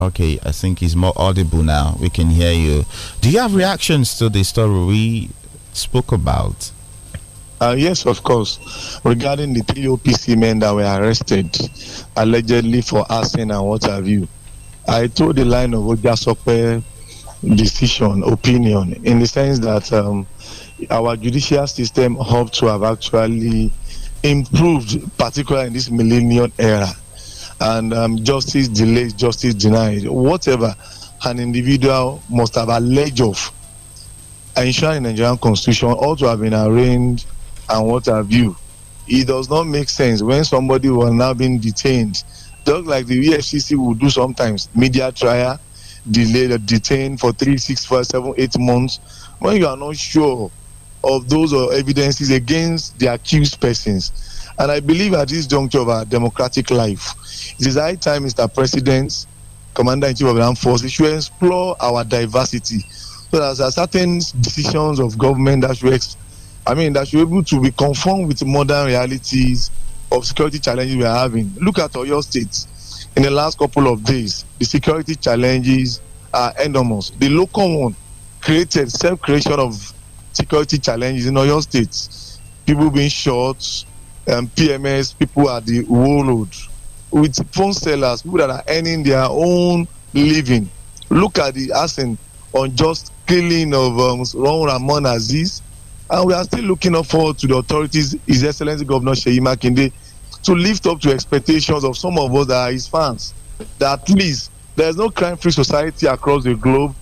Okay, I think he's more audible now. We can hear you. Do you have reactions to the story we spoke about? Uh, yes, of course. Regarding the three OPC men that were arrested allegedly for arson and what have you, I told the line of Ojasope decision, opinion, in the sense that um, our judicial system hoped to have actually improved, particularly in this millennium era and um, justice delayed, justice denied, whatever an individual must have alleged of, ensuring the Nigerian constitution ought to have been arraigned and what have you. It does not make sense when somebody was now being detained, just like the EFCC will do sometimes, media trial, delayed, uh, detained for three, six, five, seven, eight months, when you are not sure of those uh, evidences against the accused persons and I believe at this juncture of our democratic life, it is high time, Mr. President, Commander in Chief of the Armed Forces, should explore our diversity. So there are certain decisions of government that should, I mean, that should be able to be conformed with modern realities of security challenges we are having. Look at Oyo State. In the last couple of days, the security challenges are enormous. The local one created self creation of security challenges in Oyo State. People being shot, um, PMS, people at the world with phone sellers, people that are earning their own living. Look at the on unjust killing of um, Ron Ramon Aziz. And we are still looking forward to the authorities, His Excellency Governor Sheyi Makinde, to lift up to expectations of some of us that are his fans. That at least there is no crime free society across the globe,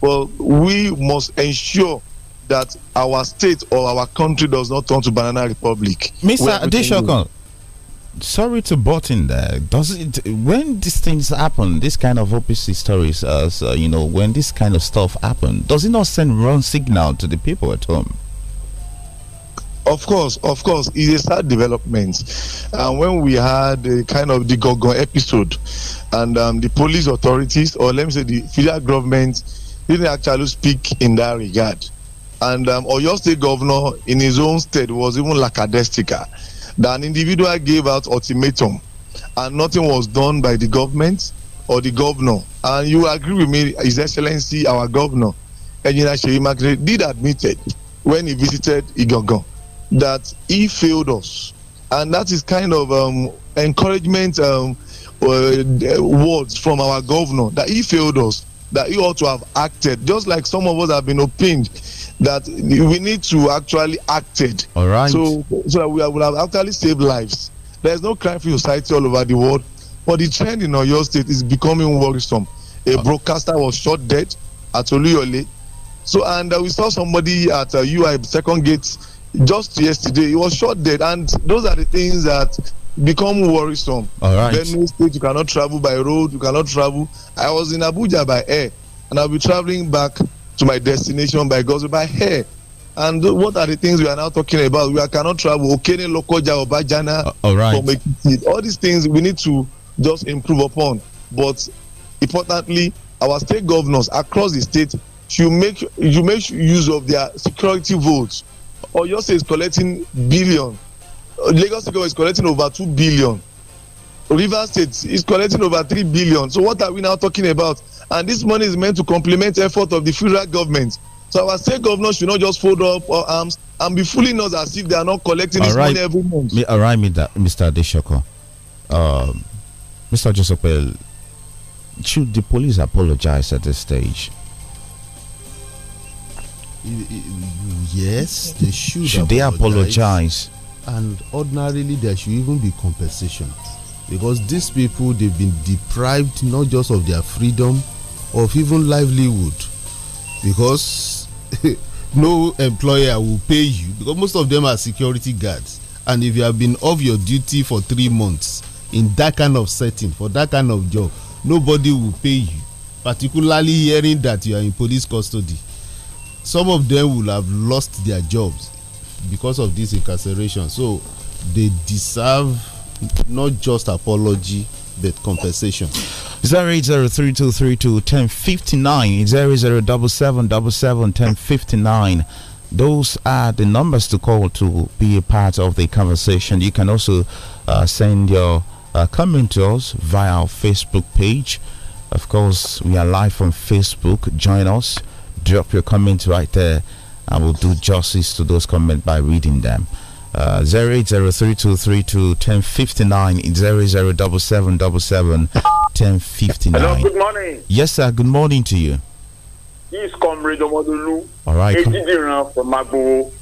but we must ensure that our state or our country does not turn to banana republic. Mr. Adeshokon, sorry to butt in there. Does it when these things happen, this kind of OPC stories, as uh, you know, when this kind of stuff happen, does it not send wrong signal to the people at home? Of course, of course, it's a sad development. And when we had a kind of the Gogon episode, and um, the police authorities, or let me say the federal government, didn't actually speak in that regard and um, Oyo State Governor in his own state was even lackadaisical. That an individual gave out ultimatum, and nothing was done by the government or the governor. And you agree with me, His Excellency, our governor, Engineer Sheyi Makere, did it when he visited Igogo that he failed us, and that is kind of um, encouragement um, uh, words from our governor that he failed us that he ought to have acted just like some of us have been opined that we need to actually act it. All right. So, so that we will have actually saved lives. There is no crime for society all over the world, but the trend in Oyo State is becoming worrisome. A ah. broadcaster was shot dead at Oluyole. So, and uh, we saw somebody at uh, UI Second Gate just yesterday. He was shot dead, and those are the things that become worrisome. All right. Benue State, you cannot travel by road, you cannot travel. I was in Abuja by air, and I'll be traveling back to my destination by God's by hair. And what are the things we are now talking about? We are cannot travel. Okene, Lokoja, Obajana, uh, all right. All these things we need to just improve upon. But importantly, our state governors across the state should make you make use of their security votes. Or you state is collecting billion. Lagos State is collecting over two billion. River State is collecting over three billion. So what are we now talking about? and this money is meant to complement effort of the federal government so our state governors should not just fold up our arms and be fooling us as if they are not collecting all this right. money every month. Me, all right, Mr. Adeshoko. Um, Mr. Joseph, should the police apologize at this stage? Yes, they should. Should apologize. they apologize? And ordinarily, there should even be compensation because these people they've been deprived not just of their freedom of even livelihood because no employer will pay you because most of them are security guards and if you have been off your duty for three months in that kind of setting for that kind of job nobody will pay you particularly hearing that you are in police custody some of them will have lost their jobs because of this incarceration so they deserve not just apology the conversation. zero eight zero three two three two ten fifty nine zero zero double seven double seven ten fifty nine. those are the numbers to call to be a part of the conversation. You can also uh, send your uh, comment to us via our Facebook page. Of course, we are live on Facebook. Join us. Drop your comments right there. I will do justice to those comments by reading them uh, Hello, good morning. Yes, sir. Good morning to you. He's Comrade Omodolu. All right. from Mabu.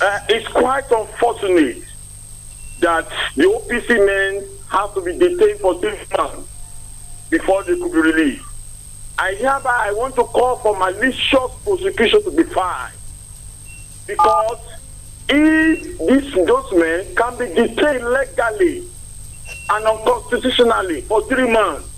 Uh, it's quite unfortunate that the OPC men have to be detained for six months before they could be released. I hereby I want to call for malicious prosecution to be filed because if this those men can be detained legally and unconstitutionally for three months,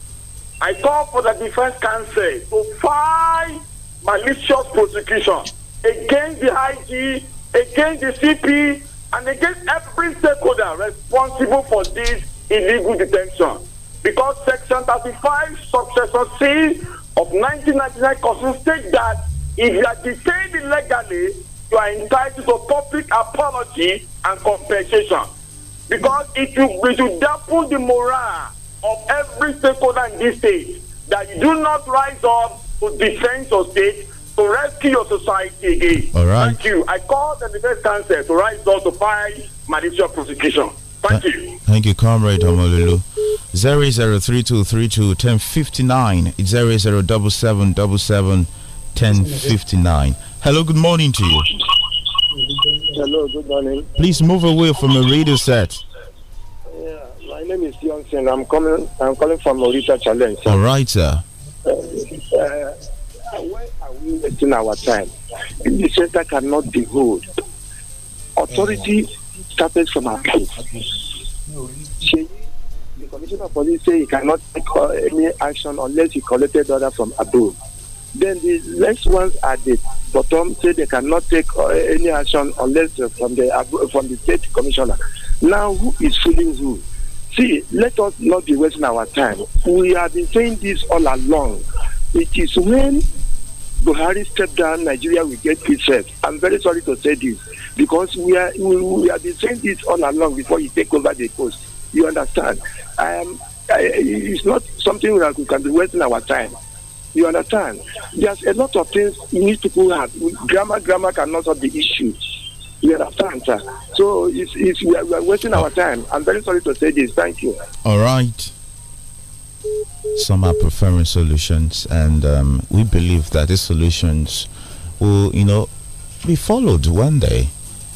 I call for the defense counsel to file malicious prosecution against the IG, against the CP, and against every stakeholder responsible for this illegal detention. Because Section 35, Subsection C of 1999 Constitution states that if you are detained illegally, you are entitled to public apology and compensation. Because it will, we should dampen the morale of every stakeholder in this state that you do not rise up to defend your state, to rescue your society again. All right. Thank you. I call the defense counsel to rise up to fight malicious prosecution. Thank you. Thank you, Comrade Omolulu. 0032321059 0077771059. Hello, good morning to you. Hello, good morning. Please move away from the radio set. Yeah, my name is Johnson. I'm coming. I'm calling from Morita Challenge. Sir. All right, sir. Uh, uh, are we wasting our time? The center cannot be hold. Authority started from our place. The commissioner of police say he cannot take uh, any action unless he collected order from above. Then the next ones at the bottom say they cannot take uh, any action unless uh, from the from the state commissioner. Now who is fooling who? See, let us not be wasting our time. We have been saying this all along. It is when Buhari stepped down, Nigeria will get itself. I'm very sorry to say this because we are we, we have been saying this all along before you take over the coast. You understand? I, it's not something that we can be wasting our time. You understand? There's a lot of things to pull out. Grammar, grammar cannot solve the issue. You understand, sir? So it's, it's, we, are, we are wasting our time. I'm very sorry to say this. Thank you. All right. Some are preferring solutions, and um, we believe that these solutions will, you know, be followed one day.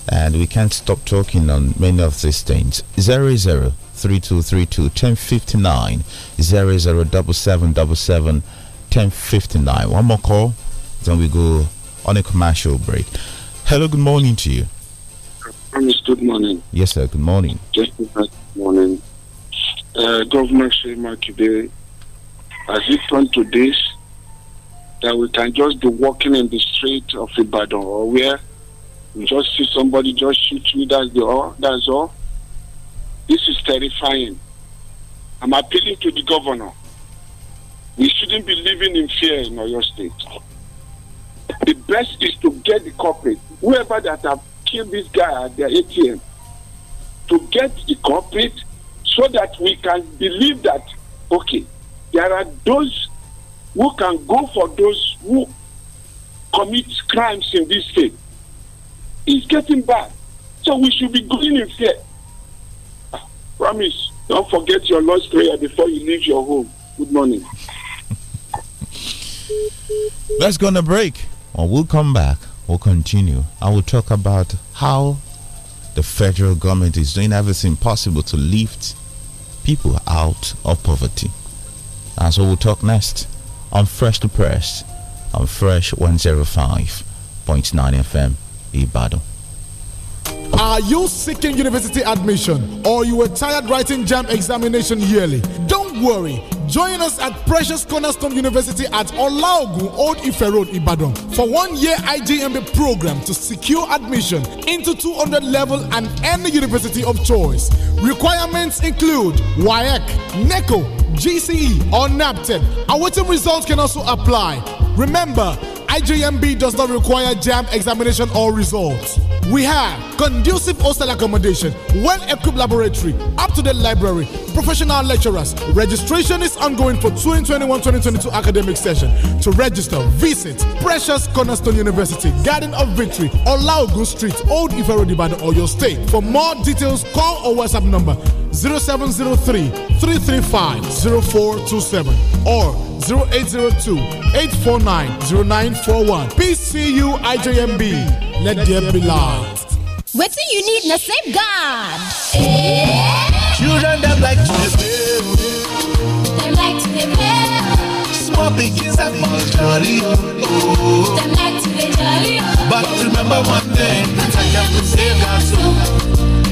And we can't stop talking on many of these things. Zero zero three two three two ten fifty nine zero zero double seven double seven. 7 10.59. One more call, then we go on a commercial break. Hello, good morning to you. Good morning. Yes, sir. Good morning. good morning. Uh, government schema today, as it turned to this, that we can just be walking in the street of Ibadan or where you just see somebody just shoot you, that's the all that's all. This is terrifying. I'm appealing to the governor we shouldn't be living in fear in Oyo State. The best is to get the culprit, whoever that have killed this guy at the ATM, to get the culprit so that we can believe that, okay, there are those who can go for those who commit crimes in this state. It's getting bad. So we should be going in fear. Ah, promise, don't forget your Lord's Prayer before you leave your home. Good morning. Let's go on a break. When we'll come back, we'll continue. I will talk about how the federal government is doing everything possible to lift people out of poverty. And so we'll talk next on Fresh to Press on Fresh 105.9 FM, Ibadan. Are you seeking university admission or you were tired writing jam examination yearly? Don't worry. Join us at Precious Cornerstone University at Olaogun Old Ife Road, Ibadan for one-year IGMB program to secure admission into 200 level and any university of choice. Requirements include WAEC, NECO, GCE, or NAPTEP. Awaiting results can also apply. Remember, IJMB does not require JAM examination or results. We have conducive hostel accommodation, well equipped laboratory, up to date library, professional lecturers. Registration is ongoing for 2021-2022 academic session. To register, visit Precious Cornerstone University, Garden of Victory, Olaogun Street, Old Ifero Road, or your State. For more details, call or WhatsApp number 0703 335 0427 or 0802 849 0941. PCU IJMB. Let, Let there be light. you need na safeguard. Children that like to Small pickings are more jolly, But remember one thing, protect them from save God's soul.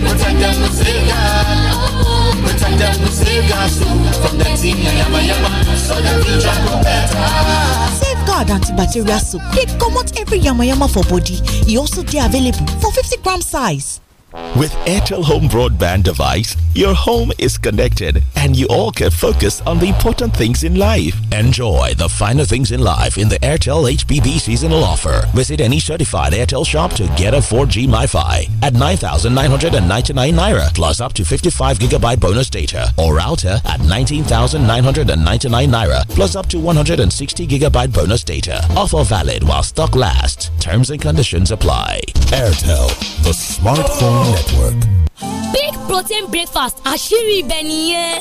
Protect them from save God. Protect them from save God's soul. From the team, yama yama, so the future go better. antibacterial soap. They come out every Yamayama for body. He also they available for 50 gram size. With Airtel Home Broadband device, your home is connected and you all can focus on the important things in life. Enjoy the finer things in life in the Airtel HBB seasonal offer. Visit any certified Airtel shop to get a 4G MiFi at 9,999 Naira plus up to 55 gigabyte bonus data or router at 19,999 Naira plus up to 160 gigabyte bonus data. Offer valid while stock lasts. Terms and conditions apply. Airtel, the smartphone Network. Big protein breakfast àṣírí ibẹ̀ nìyẹn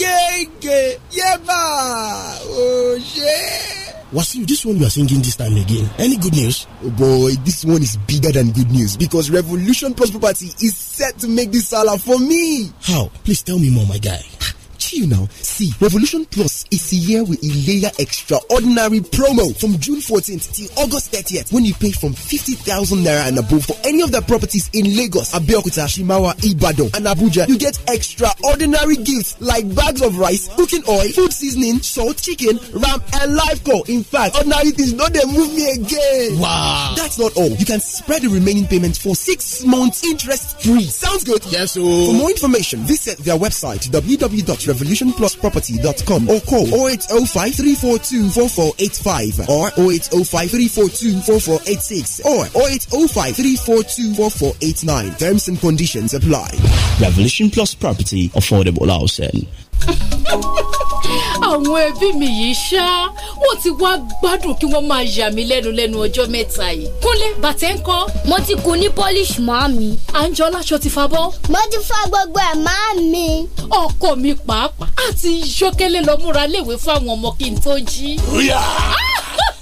gege yeba oje. Wasiu, this one you are singing this time again. Any good news? Oh boy, this one is bigger than good news because Revolution Plus Property is set to make this salah for me. How? Please tell me more, my guy. see you now. See, Revolution Plus is year with a layer extraordinary promo from June 14th till August 30th when you pay from 50,000 naira and above for any of the properties in Lagos, Abeokuta, Shimawa, Ibadan, and Abuja. You get extraordinary gifts like bags of rice, cooking oil, food seasoning, salt, chicken, ram, and live call. In fact, ordinary things don't they move me again. Wow. That's not all. You can spread the remaining payment for six months interest free. Sounds good? Yes, sir. For oh. more information, visit their website www revolutionplusproperty.com or call 0805 342 4485 or 0805 342 4486 or 0805 342 4489. Terms and conditions apply. Revolution Plus Property Affordable Housing. àwọn ẹbí mi yìí ṣá wọn ti wá gbádùn kí wọ́n máa yà mí lẹ́nu lẹ́nu ọjọ́ mẹ́ta yìí. kúnlé bàtẹ́ ń kọ́. mo ti kun ní polish màámi. àǹjọ láṣọ ti fa bọ́. mo ti fa gbogbo ẹ̀ màámi. ọkọ mi pàápàá àti yọkẹlẹ lọ múra léwe fáwọn ọmọ kí n tó jí. ríà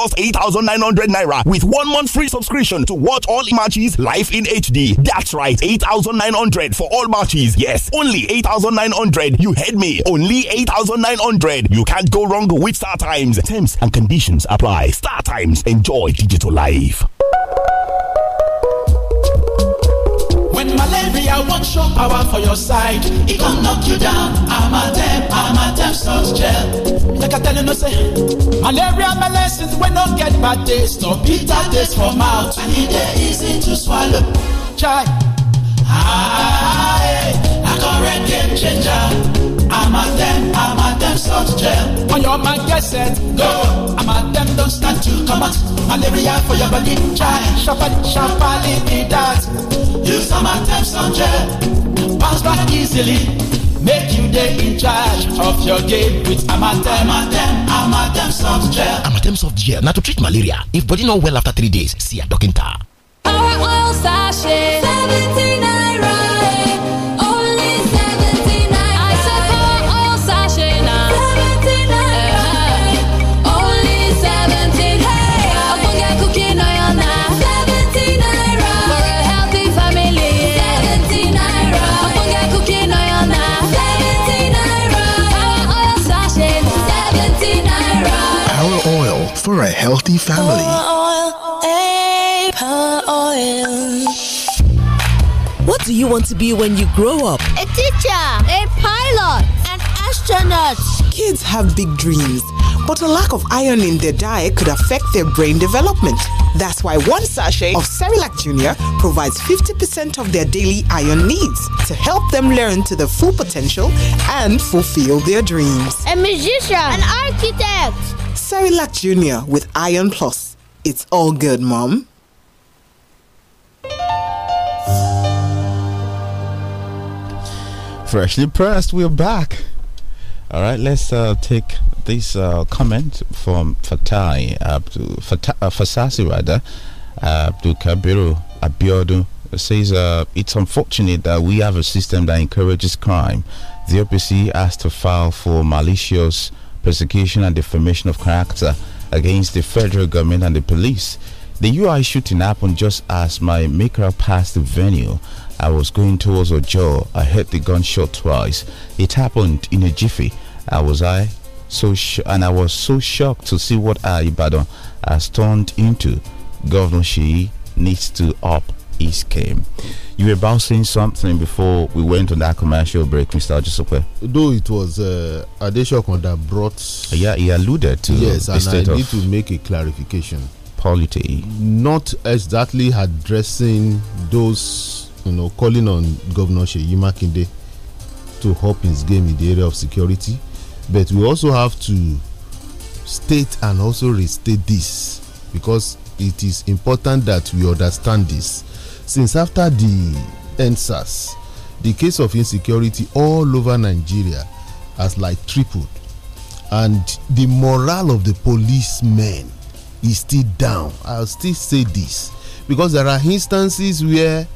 just 8,900 naira with one month free subscription to watch all matches live in HD. That's right, 8,900 for all matches. Yes, only 8,900. You heard me. Only 8,900. You can't go wrong with StarTimes. Terms and conditions apply. StarTimes. Enjoy digital life. i wan show power for your side It gon knock you down I'm a amatem amatem salt gel Like i tell you no say malaria medicines we no get bad taste no bitter taste for mouth and e dey easy to swallow chai ah, ah, ah, ah, ah, ah, ah, ah, ah, I'm a them, salt gel. On your mind, get it. go. them, don't start to come out. Malaria for your body, try. Shafali, shafali, be that. Use them, salt gel. Bounce back easily. Make you day in charge of your game with Amatem, Amatem, Amatem soft gel. Amatem soft gel, now to treat malaria. If body not well after three days, see a doctor. Our oil sachet, 17 a healthy family. what do you want to be when you grow up? A teacher, a pilot, an astronaut. Kids have big dreams, but a lack of iron in their diet could affect their brain development. That's why one sachet of Cerilac Junior provides 50% of their daily iron needs to help them learn to their full potential and fulfill their dreams. A musician, an architect Cerilac Junior with Iron Plus. It's all good, Mom. Freshly pressed, we're back. All right, let's uh, take this uh, comment from Fatai Abdu Fata, uh, Fasasi rather Abdul Kabiru Abiodu says uh, it's unfortunate that we have a system that encourages crime. The OPC has to file for malicious persecution and defamation of character against the federal government and the police. The UI shooting happened just as my maker passed the venue. I was going towards a I heard the gunshot twice. It happened in a jiffy. I was I so and I was so shocked to see what I Ibadan has turned into. Governor Shee needs to up East came. You were bouncing something before we went on that commercial break, Mr. Joseph. Though it was uh, Adeshokon that brought. Yeah, he alluded to. Yes, the and state I need to make a clarification. Polity. Not exactly addressing those, you know, calling on Governor Sheyi Makinde to help his game in the area of security, but we also have to state and also restate this because it is important that we understand this since after the endsars the case of insecurity all over nigeria has like tripled and the morale of the policemen is still down i'll still say this because there are instances where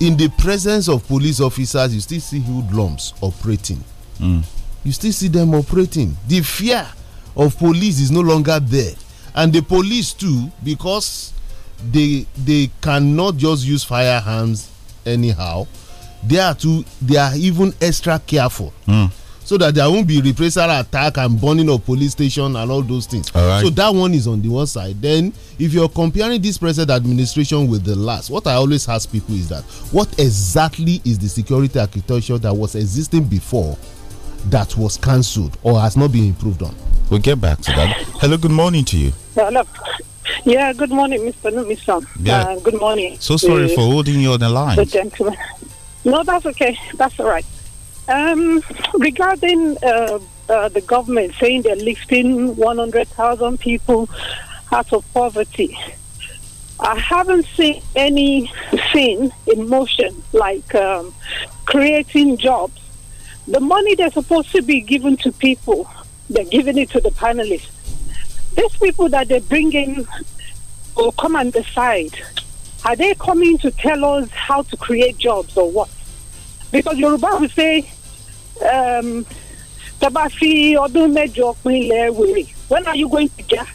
in the presence of police officers you still see hoodlums operating mm. you still see them operating the fear of police is no longer there and the police too because they they cannot just use firearms anyhow they are too they are even extra careful mm. so that there won't be reprisal attack and burning of police station and all those things all right. so that one is on the one side then if you're comparing this present administration with the last what i always ask people is that what exactly is the security architecture that was existing before that was cancelled or has not been improved on we'll get back to that hello good morning to you hello yeah, good morning, Mr. Numison. Yeah. Uh, good morning. So sorry for holding you on the line. The gentleman. No, that's okay. That's all right. Um, regarding uh, uh, the government saying they're lifting 100,000 people out of poverty, I haven't seen anything in motion like um, creating jobs. The money they're supposed to be given to people, they're giving it to the panelists these people that they bring in or come and decide, are they coming to tell us how to create jobs or what? Because Yoruba will say, um, when are you going to get?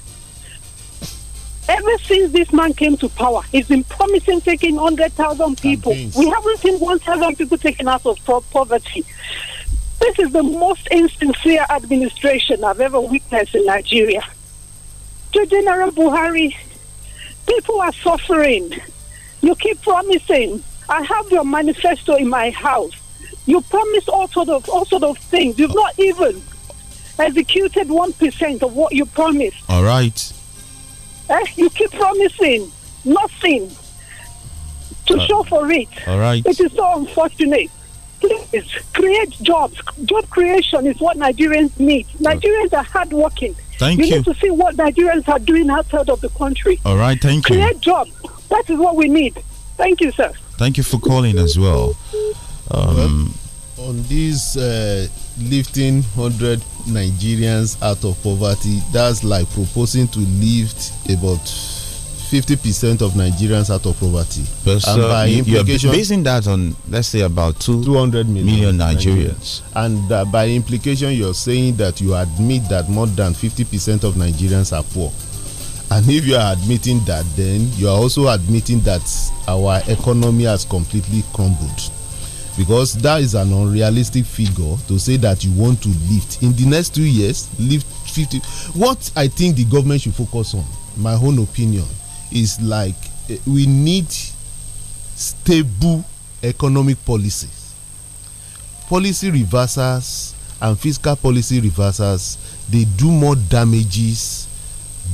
Ever since this man came to power, he's been promising taking 100,000 people. Campaigns. We haven't seen 1,000 people taken out of poverty. This is the most insincere administration I've ever witnessed in Nigeria. Mr. General Buhari, people are suffering. You keep promising. I have your manifesto in my house. You promise all sort of all sort of things. You've not even executed one percent of what you promised. All right. Eh? You keep promising nothing to uh, show for it. All right. It is so unfortunate. Please create jobs. Job creation is what Nigerians need. Nigerians are hardworking. Thank we you. need to see what Nigerians are doing outside of the country. All right, thank Create you. Create jobs. That is what we need. Thank you, sir. Thank you for calling as well. Um, well on this uh, lifting 100 Nigerians out of poverty, that's like proposing to lift about fifty percent of Nigerians out of poverty. But and so by implication, basing that on let's say about two hundred million, million Nigerians. Nigerians. And uh, by implication, you're saying that you admit that more than fifty percent of Nigerians are poor. And if you are admitting that, then you are also admitting that our economy has completely crumbled. Because that is an unrealistic figure to say that you want to lift in the next two years, lift 50. What I think the government should focus on, my own opinion, is like eh, we need stable economic policies. Policy reversals and fiscal policy reversals they do more damages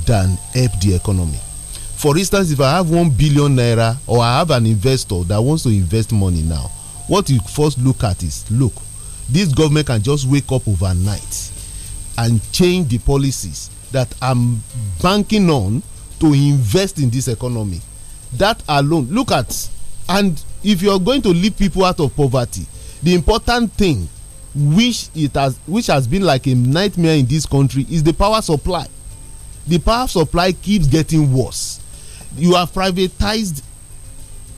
than help the economy. For instance, if I have one billion naira or I have an investor that wants to invest money now, what you first look at is look, this government can just wake up overnight and change the policies that I'm banking on to invest in this economy that alone look at and if you are going to leave people out of poverty the important thing which it has which has been like a nightmare in this country is the power supply the power supply keeps getting worse you have privatized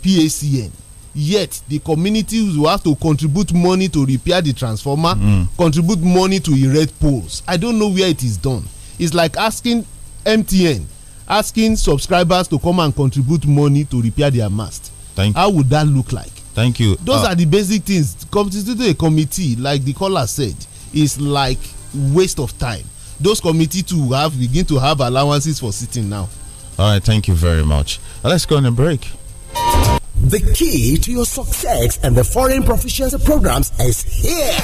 pacn yet the communities will have to contribute money to repair the transformer mm. contribute money to erect poles i don't know where it is done it's like asking mtn asking subscribers to come and contribute money to repair their mast. Thank How would that look like? Thank you. Those uh, are the basic things. Constituting a committee, like the caller said, is like waste of time. Those committee to have begin to have allowances for sitting now. All right, thank you very much. Let's go on a break. The key to your success and the foreign proficiency programs is here.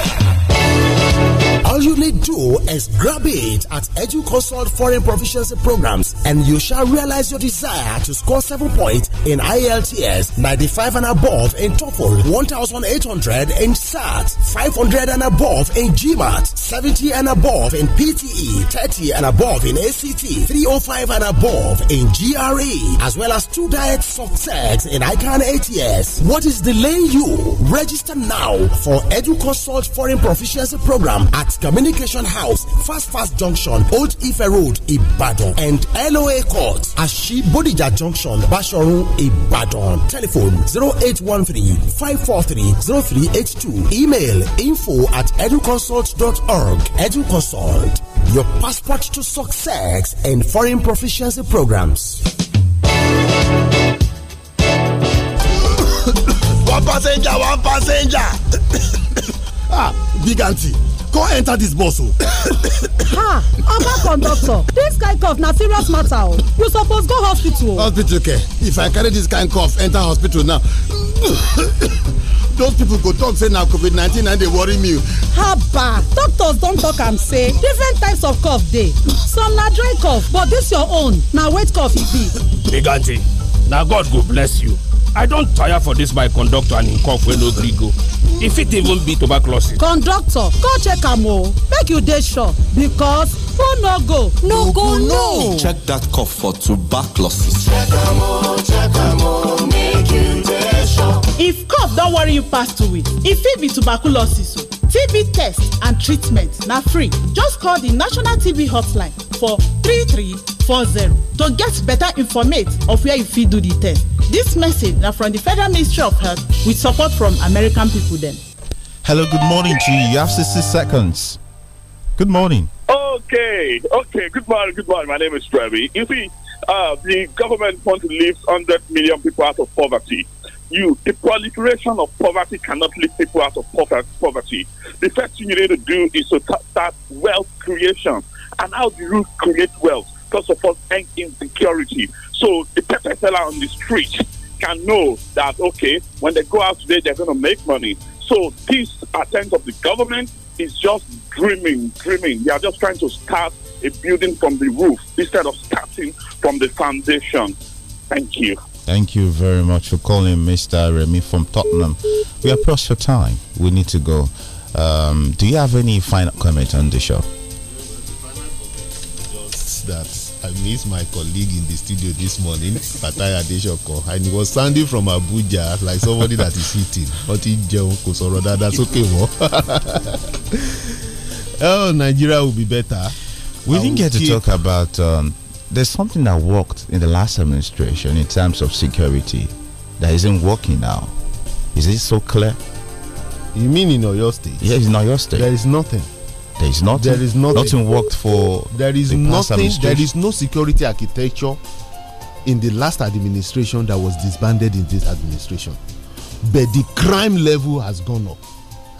All you need do is grab it at EduConsult Foreign Proficiency Programs and you shall realize your desire to score 7 points in IELTS 95 and above in TOEFL, 1800 in SAT, 500 and above in GMAT, 70 and above in PTE, 30 and above in ACT, 305 and above in GRE, as well as two direct success in ICANN eight years. What is delaying you? Register now for EduConsult Foreign Proficiency Program at Communication House, Fast Fast Junction, Old Ife Road, Ibadan, and LOA Court, Ashi Bodija Junction, Bashorun, Ibadan. Telephone 0813 543 0382. Email info at educonsult.org. EduConsult, your passport to success and foreign proficiency programs. one passenger one passenger. ah big aunty come enter dis bus o. ah oga conductor dis kind cough na serious matter o you suppose go hospital. hospital care if i carry dis kind cough enter hospital now those people go talk say na covid nineteen na dey worry me. haba doctors don talk am say different types of cough dey some na dry cough but dis your own na wet cough e be. big aunty na god go bless you i don tire for this, my conductor and him cough wey no gree go e fit even be tuberculosis conductor go check am o make you dey sure because who no go no go no. check dat cough for tuberculosis check am o check am o make you dey sure if cough don worry you pass two weeks e fit be tuberculosis o tb test and treatment na free just call the national tb hotline for 33 to get better informate of where you fit do the test. This message now from the Federal Ministry of Health with support from American people then. Hello, good morning to you. You have 60 seconds. Good morning. Okay, okay, good morning, good morning. My name is Trevi. You see, uh, the government wants to lift 100 million people out of poverty. You, the proliferation of poverty cannot lift people out of poverty. The first thing you need to do is to start wealth creation. And how do you create wealth? Because of all end insecurity. So the pepper seller on the street can know that okay, when they go out today, they're going to make money. So this attempt of the government is just dreaming, dreaming. They are just trying to start a building from the roof instead of starting from the foundation. Thank you. Thank you very much for calling, Mr. Remy from Tottenham. We are pressed for time. We need to go. Um, do you have any final comment on the show? Just that I missed my colleague in the studio this morning, Fatai Adeshoko, and he was sounding from Abuja like somebody that is hitting. But he John Kosoroda, that's okay, Oh, Nigeria will be better. We I didn't get to talk about. Um, there's something that worked in the last administration in terms of security that isn't working now. Is it so clear? You mean in Oyo State? Yes, in Oyo State. There is nothing. There is nothing. There is nothing. Nothing worked for. There is the nothing. There is no security architecture in the last administration that was disbanded in this administration, but the crime level has gone up,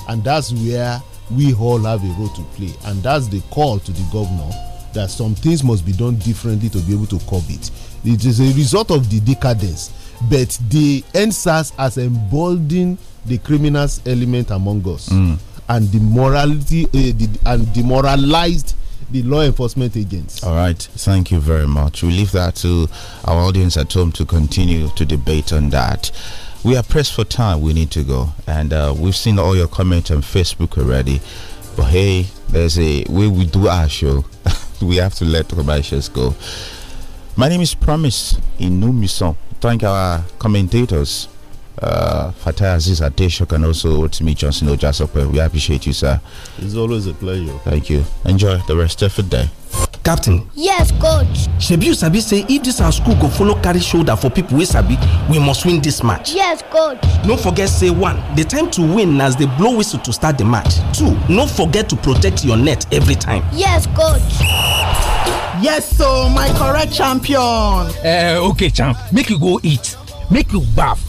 and that's where we all have a role to play, and that's the call to the governor that some things must be done differently to be able to curb it. It is a result of the decadence, but the NSAS has emboldened the criminals element among us. Mm and demorality uh, the, and demoralized the law enforcement agents. All right, thank you very much. We leave that to our audience at home to continue to debate on that. We are pressed for time. We need to go, and uh, we've seen all your comments on Facebook already. But hey, there's a way we do our show. we have to let commercials go. My name is Promise Inumison. Thank our commentators uh, Fatah Aziz Adeshok and also Timmy Johnson Ojasope. We appreciate you, sir. It's always a pleasure. Thank you. Enjoy the rest of the day. captain yes coach shebi you sabi say if this our school go follow carry shoulder for people, wey sabi we must win this match yes coach no forget say one The time to win as they blow whistle to start the match two no forget to protect your net every time yes coach yes so my correct champion Uh, okay champ make you go eat make you bath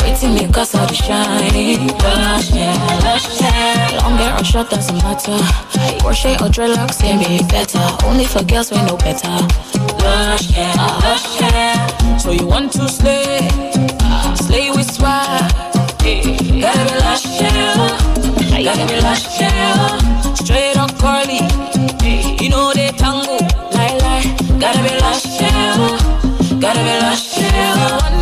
Waiting me cause all the shine Lush hair, lush hair Long hair or short doesn't matter Crochet or dreadlocks can be better Only for girls we know better Lush hair, lush hair So you want to slay uh, Slay with swag Gotta be lush hair Gotta be lush hair Straight or curly You know they tango Lie, lie Gotta be lush hair Gotta be lush hair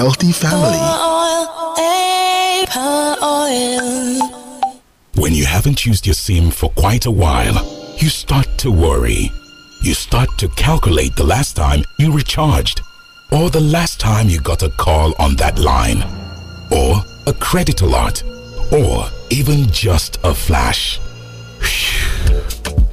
healthy family. Eh, when you haven't used your SIM for quite a while, you start to worry. You start to calculate the last time you recharged, or the last time you got a call on that line, or a credit alert, or even just a flash.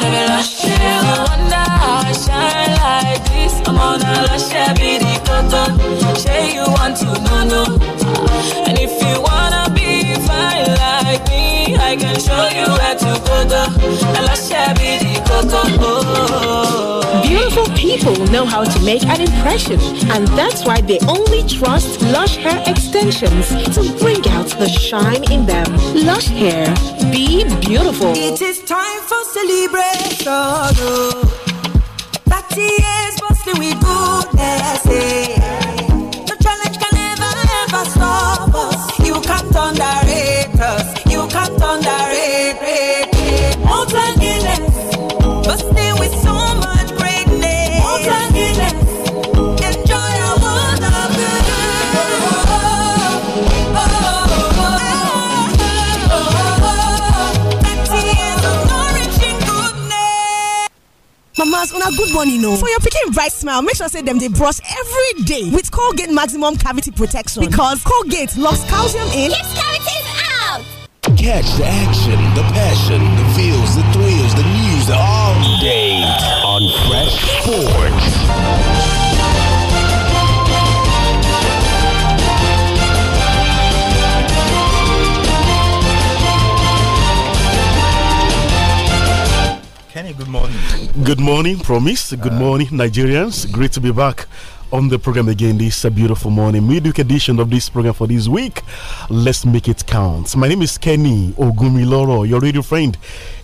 gotta be lush, yeah. No wonder how I shine like this. I'm on a lush, yeah, be the cotton. Say you want to know, no. And if you wanna be fine like me, I can show you where to go, though. A lush, yeah, be the cotton people know how to make an impression, and that's why they only trust Lush Hair Extensions to bring out the shine in them. Lush Hair, be beautiful. It is time for celebration. 30 years bustling with goodness. Eh? warning o for your picking bright smile make sure say them. They brush every day with colgate maximum cavity protection because colgate locks calcium in keeps cavities out catch the action the passion the feels the thrills the news all day on fresh sports Kenny, good morning. Good morning, Promise. Good uh, morning, Nigerians. Great to be back on the program again this a beautiful morning midweek edition of this program for this week let's make it count my name is kenny ogumiloro your radio friend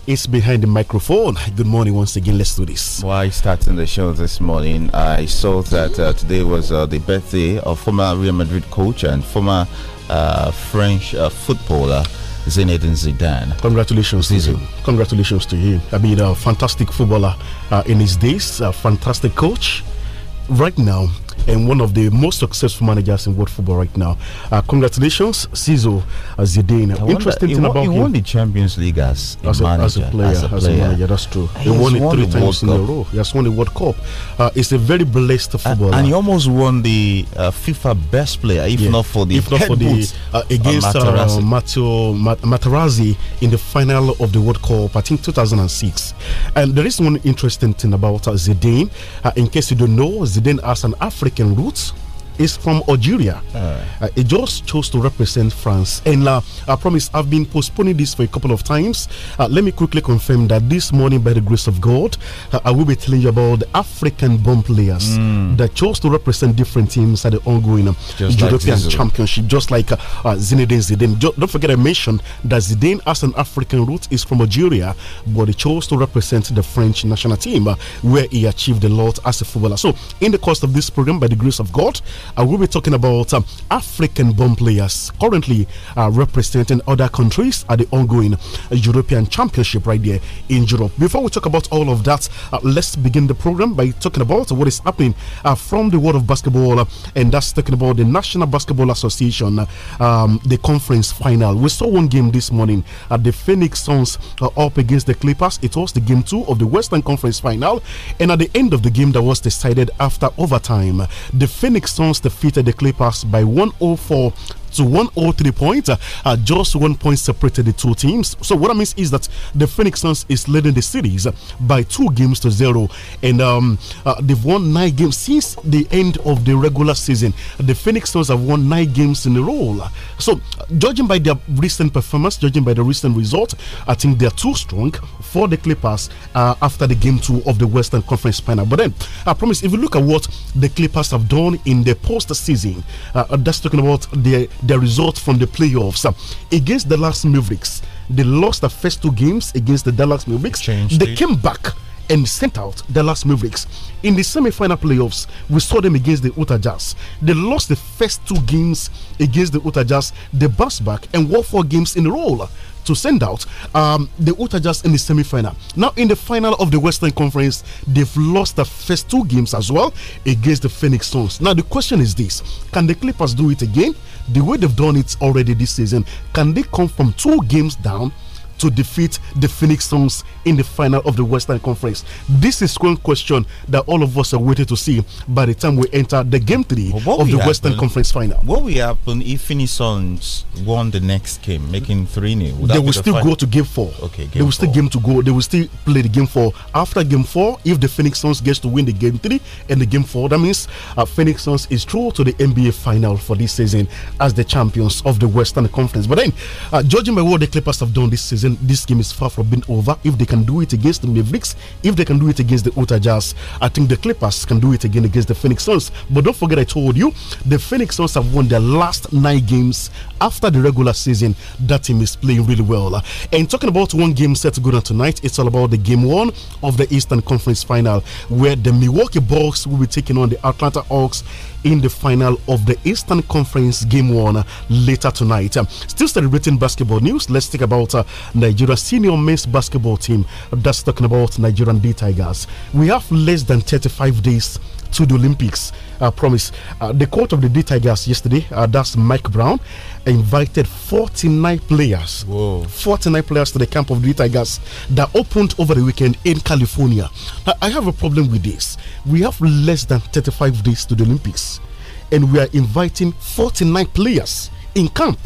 is behind the microphone good morning once again let's do this why starting the show this morning i saw that uh, today was uh, the birthday of former real madrid coach and former uh, french uh, footballer Zinedine Zidane. Congratulations to him. Congratulations to him. I mean, a fantastic footballer uh, in his days, a fantastic coach. Right now, and one of the most successful managers in world football right now. Uh, congratulations, Cizo Zidane. Interesting thing about him. He won the Champions League as a, as a, manager, as a player. As a, player. As a manager, that's true. He, he won it three times in a row. He has won the World Cup. Uh, it's a very blessed footballer. and he almost won the uh, FIFA Best Player, if yeah. not for the if not for the uh, against uh, Materazzi. Matteo Materazzi in the final of the World Cup, I think 2006. And there is one interesting thing about uh, Zidane. Uh, in case you don't know, Zidane has an African African roots, is from Algeria. Ah. Uh. he just chose to represent France. And uh, I promise I've been postponing this for a couple of times. Uh, let me quickly confirm that this morning, by the grace of God, uh, I will be telling you about the African bomb players mm. that chose to represent different teams at the ongoing European like Championship, just like uh, Zinedine Zidane. Don't forget I mentioned that Zidane as an African root is from Algeria, but he chose to represent the French national team uh, where he achieved a lot as a footballer. So, in the course of this program, by the grace of God, I uh, will be talking about um, African born players currently uh, representing other countries at the ongoing uh, European Championship right there in Europe. Before we talk about all of that, uh, let's begin the program by talking about what is happening uh, from the world of basketball, uh, and that's talking about the National Basketball Association, um, the conference final. We saw one game this morning at the Phoenix Suns up against the Clippers. It was the game two of the Western Conference final, and at the end of the game that was decided after overtime, the Phoenix Suns Suns defeated the Clippers by 104 to 103 points. Uh, uh, just one point separated the two teams. So what I mean is that the Phoenix Suns is leading the series by two games to zero, and um, uh, they've won nine games since the end of the regular season. The Phoenix Suns have won nine games in a row. So judging by their recent performance, judging by the recent result, I think they're too strong for the Clippers uh, after the game two of the Western Conference Final. But then I promise, if you look at what the Clippers have done in the postseason, uh, uh that's talking about the the result from the playoffs um, against the last Mavericks. They lost the first two games against the Dallas Mavericks. Changed they it. came back and sent out the last Mavericks. In the semi-final playoffs, we saw them against the Utah Jazz. They lost the first two games against the Utah Jazz. They bounced back and won four games in a row to send out um, the Jazz in the semi final. Now, in the final of the Western Conference, they've lost the first two games as well against the Phoenix Suns. Now, the question is this can the Clippers do it again? The way they've done it already this season, can they come from two games down? to defeat the Phoenix Suns in the final of the Western Conference. This is one question that all of us are waiting to see by the time we enter the game three well, of the happen, Western Conference final. What will happen if Phoenix Suns won the next game, making 3 0? They will still go to game four. Okay, game they will still game to go. They will still play the game four. After game four, if the Phoenix Suns gets to win the game three and the game four, that means uh, Phoenix Suns is through to the NBA final for this season as the champions of the Western Conference. But then, uh, judging by what the Clippers have done this season, this game is far from being over. If they can do it against the Mavericks, if they can do it against the Utah Jazz, I think the Clippers can do it again against the Phoenix Suns. But don't forget, I told you, the Phoenix Suns have won their last nine games after the regular season. That team is playing really well. And talking about one game set to go on tonight, it's all about the game one of the Eastern Conference Final, where the Milwaukee Bucks will be taking on the Atlanta Hawks in the final of the Eastern Conference Game 1 later tonight. Um, still celebrating basketball news, let's talk about uh, Nigeria's senior men's basketball team. That's talking about Nigerian B Tigers. We have less than 35 days to the Olympics. I uh, promise. Uh, the coach of the D Tigers yesterday, uh, that's Mike Brown, invited 49 players. Whoa. 49 players to the camp of the D Tigers that opened over the weekend in California. I have a problem with this. We have less than 35 days to the Olympics, and we are inviting 49 players in camp.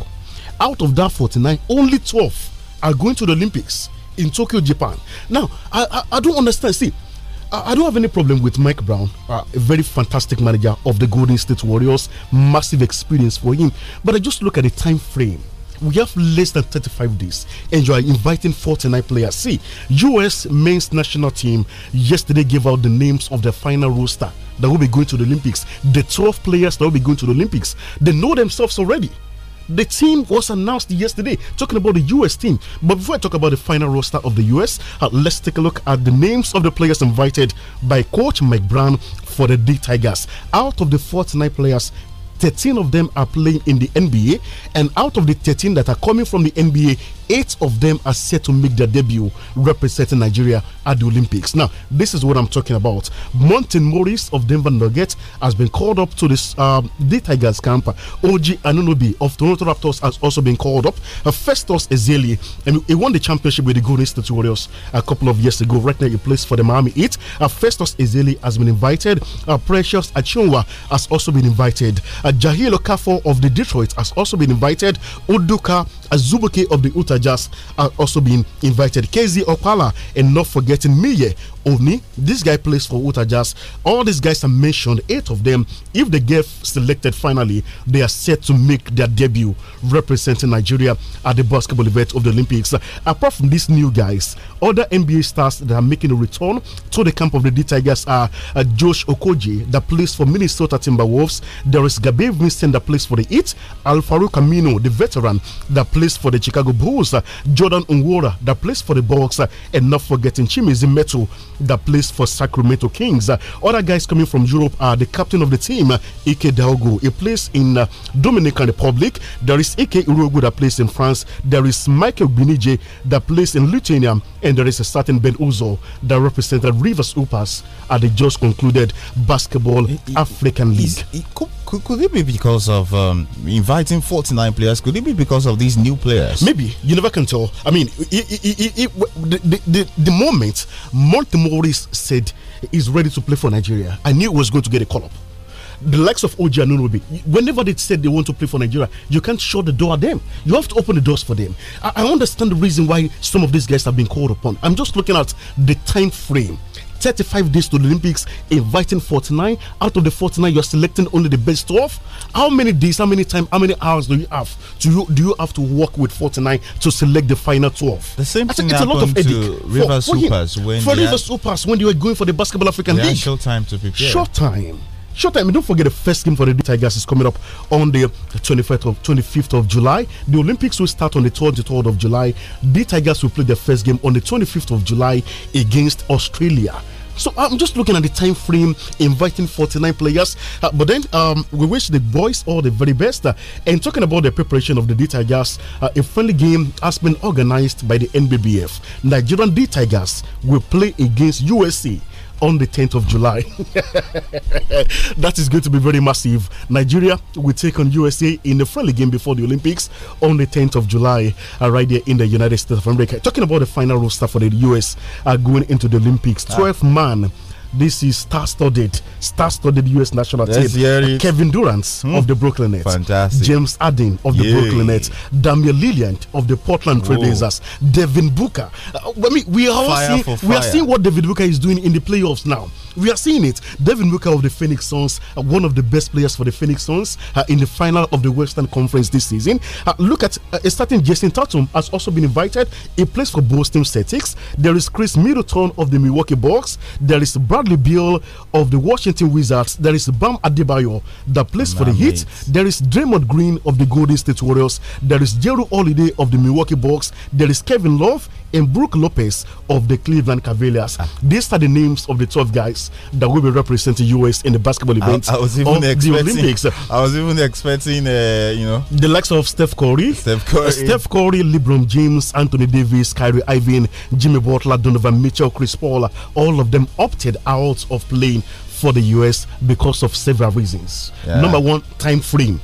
Out of that 49, only 12 are going to the Olympics in Tokyo, Japan. Now, I, I, I don't understand. See, I, don't have any problem with Mike Brown, uh, a very fantastic manager of the Golden State Warriors, massive experience for him. But I just look at the time frame we have less than 35 days and you are inviting 49 players. See, US men's national team yesterday gave out the names of the final roster that will be going to the Olympics, the 12 players that will be going to the Olympics. They know themselves already. The team was announced yesterday, talking about the US team. But before I talk about the final roster of the US, uh, let's take a look at the names of the players invited by Coach Mike Brown for the D Tigers. Out of the 49 players, 13 of them are playing in the NBA, and out of the 13 that are coming from the NBA, Eight of them are set to make their debut representing Nigeria at the Olympics. Now, this is what I'm talking about. Monty Morris of Denver Nuggets has been called up to this um, the Tigers camp. OG Anunobi of Toronto Raptors has also been called up. Uh, Festus Ezeli, and he won the championship with the Golden State Warriors a couple of years ago. Right now, he plays for the Miami Heat. Uh, Festus Ezeli has been invited. Uh, Precious Achunwa has also been invited. Uh, Jahil Okafor of the Detroit has also been invited. Uduka Azubuke of the Utah Ikejajas are uh, also being invited. KZ Opala and not forgetting Miye Oni. This guy plays for Jazz. All these guys are mentioned, eight of them, if they get selected finally, they are set to make their debut representing Nigeria at the basketball event of the Olympics. Apart from these new guys, other NBA stars that are making a return to the camp of the D Tigers are uh, Josh Okoji, that plays for Minnesota Timberwolves. There is Gabe Vincent, that plays for the Heat. Alfaro Camino, the veteran, that plays for the Chicago Bulls. Jordan Unwora, that plays for the Bucks. and not forgetting Chimizi Metal that plays for Sacramento Kings. Uh, other guys coming from Europe are the captain of the team, uh, Ike Daogo. He plays in uh, Dominican Republic. There is Ike Urugu that plays in France. There is Michael Binije that plays in Lithuania and there is a certain Ben Uzo that represented Rivers Upas at the just concluded Basketball it, it, African League. It, could, could, could, it be because of um, inviting 49 players? Could it be because of these new players? Maybe. You never can tell. I mean, the, the, the, the moment Montemoris said he's ready to play for Nigeria, I knew he was going to get a call up the likes of Oji Anunobi, whenever they said they want to play for Nigeria, you can't shut the door at them. You have to open the doors for them. I, I understand the reason why some of these guys have been called upon. I'm just looking at the time frame. 35 days to the Olympics, inviting 49. Out of the 49, you're selecting only the best 12. How many days, how many time, how many hours do you have? Do you do you have to work with 49 to select the final 12? The same I thing it's a lot of to River Supers for, when for River Supers when they were going for the Basketball African League. Short time to prepare. Short time. Showtime, don't forget the first game for the Tigers is coming up on the 25th of 25th of July. The Olympics will start on the 23rd of July. The Tigers will play their first game on the 25th of July against Australia. So I'm just looking at the time frame, inviting 49 players. Uh, but then um, we wish the boys all the very best. Uh, and talking about the preparation of the D Tigers, uh, a friendly game has been organized by the NBBF. Nigerian D Tigers will play against USC on the 10th of July. that is going to be very massive. Nigeria will take on USA in the friendly game before the Olympics on the 10th of July, uh, right there in the United States of America. Talking about the final roster for the US uh, going into the Olympics, 12 man this is star-studded, star-studded U.S. national team. Kevin Durant of hmm. the Brooklyn Nets. Fantastic. James Harden of the Brooklyn Nets. Damian Lillard of the Portland Trailblazers. Devin Booker. Uh, I mean, we are fire seeing, we are seeing what Devin Booker is doing in the playoffs now. We are seeing it. Devin Booker of the Phoenix Suns, uh, one of the best players for the Phoenix Suns uh, in the final of the Western Conference this season. Uh, look at starting. Uh, certain Jason Tatum has also been invited. He plays for Boston Celtics. There is Chris Middleton of the Milwaukee Bucks. There is Brad Bradley Beal of the Washington Wizards. There is Bam Adebayo that plays for the Heat. There is Draymond Green of the Golden State Warriors. There is Jero Holiday of the Milwaukee Bucks. There is Kevin Love and Brooke Lopez of the Cleveland Cavaliers. Ah. These are the names of the 12 guys that will be representing US in the basketball event I, I was even expecting, the Olympics. I was even expecting, uh, you know, the likes of Steph Curry, Steph Curry, Steph Curry, LeBron James, Anthony Davis, Kyrie Irving, Jimmy Butler, Donovan Mitchell, Chris Paul. All of them opted out of playing for the US because of several reasons. Yeah. Number one, time frame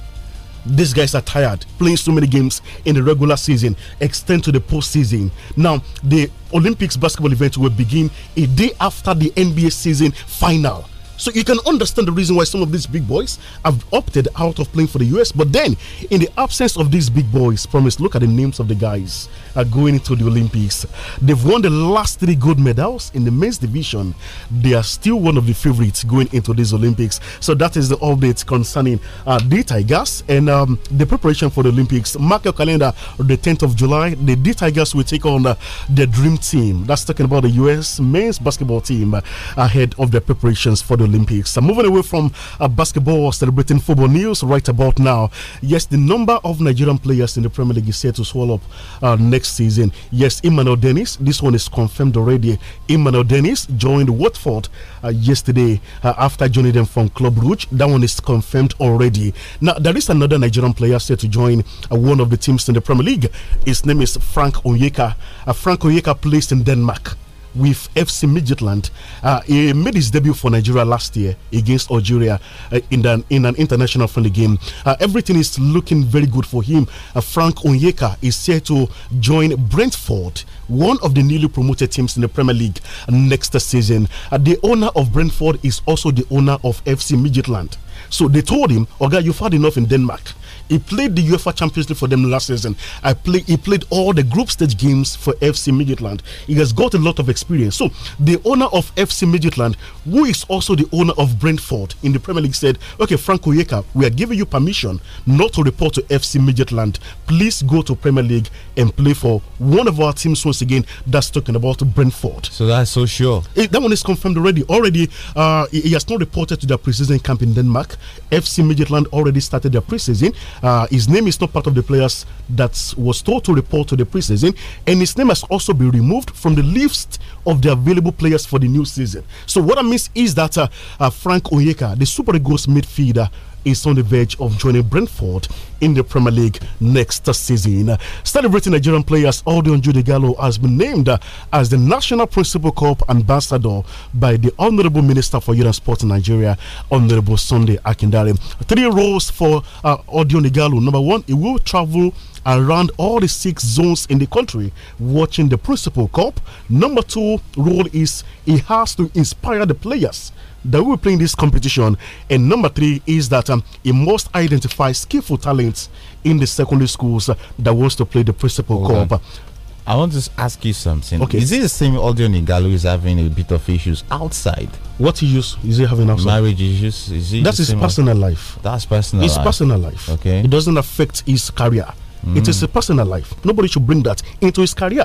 these guys are tired playing so many games in the regular season, extend to the postseason. Now, the Olympics basketball event will begin a day after the NBA season final. So you can understand the reason why some of these big boys have opted out of playing for the US. But then, in the absence of these big boys, promise, look at the names of the guys are going into the Olympics. They've won the last three gold medals in the men's division. They are still one of the favorites going into these Olympics. So that is the update concerning uh, the Tigers and um, the preparation for the Olympics. Mark your calendar, the 10th of July. The D Tigers will take on uh, the dream team. That's talking about the US men's basketball team uh, ahead of the preparations for the Olympics. I'm moving away from uh, basketball, celebrating football news right about now. Yes, the number of Nigerian players in the Premier League is set to swell up uh, next season. Yes, Emmanuel Dennis, this one is confirmed already. Emmanuel Dennis joined Watford uh, yesterday uh, after joining them from Club Rouge. That one is confirmed already. Now, there is another Nigerian player set to join uh, one of the teams in the Premier League. His name is Frank Onyeka. Uh, Frank Onyeka plays in Denmark with FC Midgetland. Uh, he made his debut for Nigeria last year against Algeria uh, in, an, in an international friendly game. Uh, everything is looking very good for him. Uh, Frank Onyeka is here to join Brentford, one of the newly promoted teams in the Premier League next season. Uh, the owner of Brentford is also the owner of FC Midgetland. So they told him, Oga, you've had enough in Denmark he played the UEFA Champions League for them last season. I play, he played all the group stage games for FC Midtjylland. He has got a lot of experience. So the owner of FC Midtjylland, who is also the owner of Brentford in the Premier League, said, "Okay, Franco Yeka, we are giving you permission not to report to FC Midtjylland. Please go to Premier League and play for one of our teams once again." That's talking about Brentford. So that's so sure. It, eh, that one is confirmed already. Already, uh, he, he has not reported to the preseason camp in Denmark. FC Midtjylland already started their preseason. Uh, his name is not part of the players that was told to report to the preseason, and his name has also been removed from the list of the available players for the new season. So what I mean is that uh, uh, Frank Onyeka, the Super Eagles midfielder, is on the verge of joining Brentford in the Premier League next season. Celebrating Nigerian players, Aldeon Judigallo has been named as the National Principal Cup Ambassador by the Honorable Minister for Youth and Sports in Nigeria, Honorable Sunday Akindale. Three roles for uh, Aldeon Number one, he will travel around all the six zones in the country watching the Principal Cup. Number two role is he has to inspire the players that will play in this competition. And number three is that um, must identify skillful talents in the secondary schools that wants to play the principal Hold cup. I want to ask you something. Okay. Is it the same audio Nigalo is having a bit of issues outside? What issues is he having outside? Marriage issues? Is he That's his personal life. That's personal His life. personal life. Okay. It doesn't affect his career. Mm. It is a mm. personal life. Nobody should bring that into his career.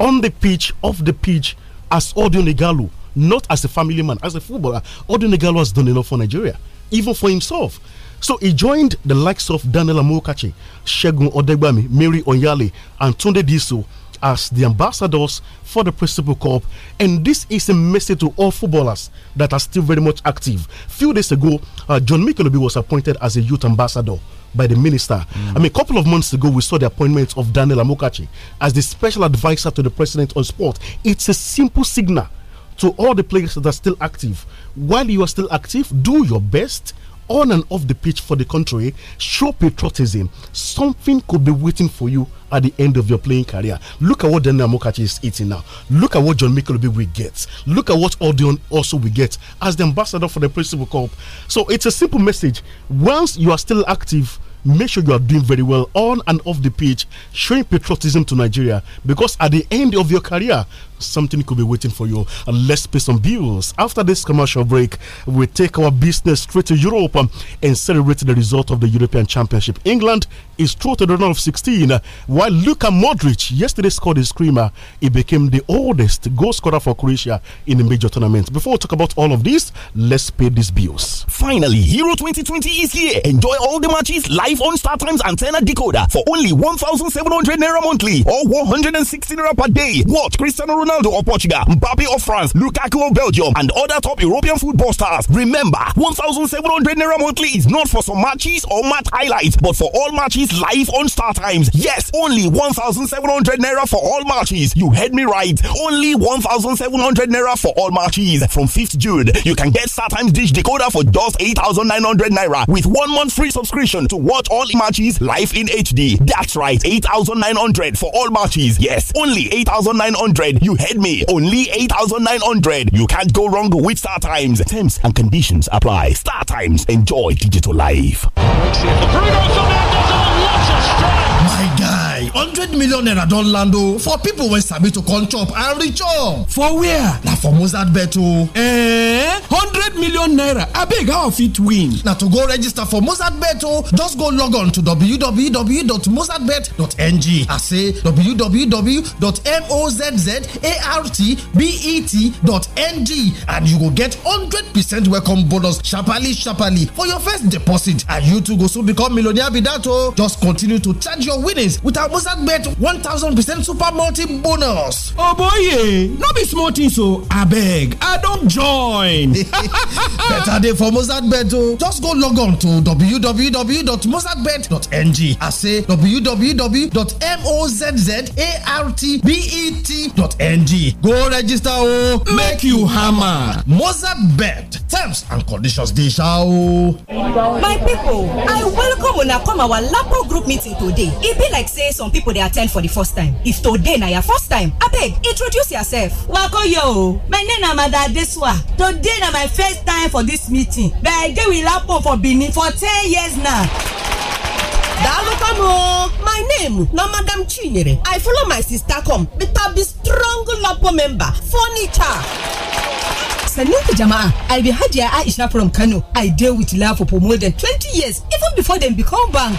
On the pitch, off the pitch, as audio Nigalo not as a family man, as a footballer. Odinegalo has done enough for Nigeria, even for himself. So he joined the likes of Daniel Amokachi, Shegun Odegbami, Mary Onyale, and Tunde Diso as the ambassadors for the Principal Cup. And this is a message to all footballers that are still very much active. Few days ago, uh, John Mikelobi was appointed as a youth ambassador by the minister. Mm. I mean, a couple of months ago, we saw the appointment of Daniel Amokachi as the special advisor to the president on sport. It's a simple signal to all the players that are still active. While you are still active, do your best on and off the pitch for the country, show patriotism. Something could be waiting for you at the end of your playing career. Look at what Daniel Mokachi is eating now. Look at what John Mikelobi will get. Look at what Odion also will get as the ambassador for the Principal Cup. So it's a simple message. Once you are still active, make sure you are doing very well on and off the pitch, showing patriotism to Nigeria because at the end of your career, something could be waiting for you. And let's pay some bills. After this commercial break, we take our business straight to Europe um, and celebrate the result of the European Championship. England is through to the round of 16, uh, while Luka Modric yesterday scored his screamer. He became the oldest goal scorer for Croatia in a major tournament. Before we talk about all of this, let's pay these bills. Finally, Euro 2020 is here. Enjoy all the matches live on StarTimes antenna decoder for only 1,700 naira monthly or 160 naira per day. Watch Cristiano Ronaldo Ronaldo of Portugal, Mbappe of France, Lukaku of Belgium, and other top European football stars. Remember, 1,700 Naira monthly is not for some matches or match highlights, but for all matches live on Star Times. Yes, only 1,700 Naira for all matches. You heard me right. Only 1,700 Naira for all matches. From 5th June, you can get Star Times Dish Decoder for just 8,900 Naira with one month free subscription to watch all matches live in HD. That's right, 8,900 for all matches. Yes, only 8,900. You you heard me. Only 8,900. You can't go wrong with Star Times. Terms and conditions apply. Star Times. Enjoy digital life. Oh, My like hundred million naira don land o for people wey sabi to come chop and reach up. for where? na for mozart beto o. Eh, hundred million naira abeg how i fit win? na to go register for mozart beto just go log on to www.mozartbet.ng as say www.mozzartbet.ng and you go get hundred percent welcome bonus sharparly sharparly for your first deposit and you too go soon become millionaire be that o. just continue to charge your winnings without. Mozart bet one thousand percent super multi bonus. Oh boy, oboye no be small thing o abeg i don join. better day for mozart bet o oh. just go log on to www.mozartbet.ng as say www.mozzartbet.ng go register o oh. make you hammer mozart bet terms and conditions dey sha o. Oh. my pipo i welcome una come our lapo group meeting today e be like say some some people dey attend for the first time if today na your first time abeg introduce yourself. Wako yo, my name na madam adesuwa today na my first time for this meeting but i dey with lapo for benin for ten years now. daalụkwanụ my name na madam chinyere i follow my sister come beta be strong lapo member furniture. sannan ku jama'a i be hajiya aisha from kano i deal with lapo for more than twenty years even before them become bank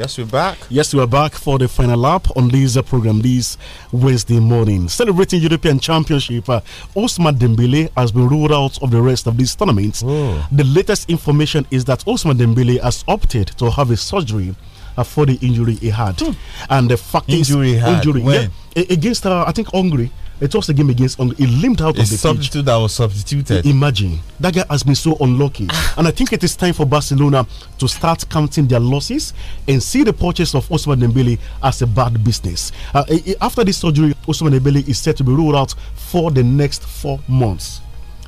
Yes, we're back. Yes, we are back for the final lap on this program this Wednesday morning. Celebrating European Championship, uh, Osman Dembele has been ruled out of the rest of this tournament. Hmm. The latest information is that Osman Dembele has opted to have a surgery uh, for the injury he had. Hmm. And the fact injury is, injury, yeah, against, uh, I think, Hungary. It was the game against and He limped out a of the substitute pitch. that was substituted. Imagine that guy has been so unlucky, ah. and I think it is time for Barcelona to start counting their losses and see the purchase of Osman Dembele as a bad business. Uh, eh, eh, after this surgery, Osman Dembele is set to be ruled out for the next four months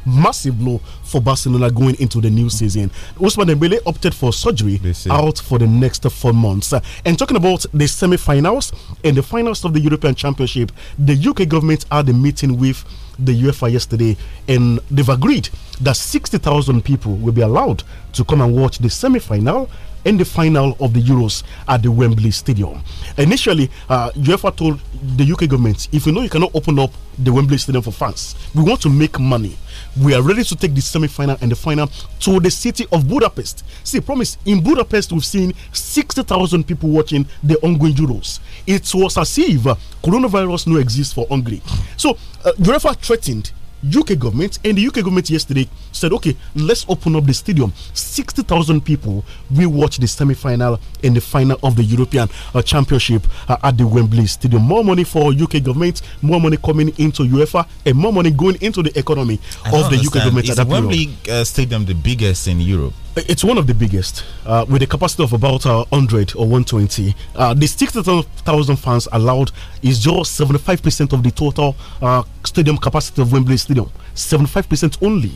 massive blow for Barcelona going into the new season. Usman Dembele opted for surgery out for the next four months. And talking about the semi-finals and the finals of the European Championship, the UK government had a meeting with the UEFA yesterday, and they've agreed that 60,000 people will be allowed to come and watch the semi-final in the final of the Euros at the Wembley Stadium. Initially, uh, UEFA told the UK government, if you know you cannot open up the Wembley Stadium for fans, we want to make money. We are ready to take the semi final and the final to the city of Budapest. See, promise in Budapest, we've seen 60,000 people watching the ongoing Euros. It was as if coronavirus no exists for Hungary. So, uh, UEFA threatened UK government and the UK government yesterday said, okay, let's open up the stadium. 60,000 people will watch the semi final and the final of the European uh, Championship uh, at the Wembley Stadium. More money for UK government, more money coming into UEFA, and more money going into the economy I of the understand. UK government. Is Wembley uh, Stadium the biggest in Europe? It's one of the biggest, uh, with a capacity of about uh, 100 or 120. Uh, the 60,000 fans allowed is just 75% of the total uh, stadium capacity of Wembley Stadium. 75% only.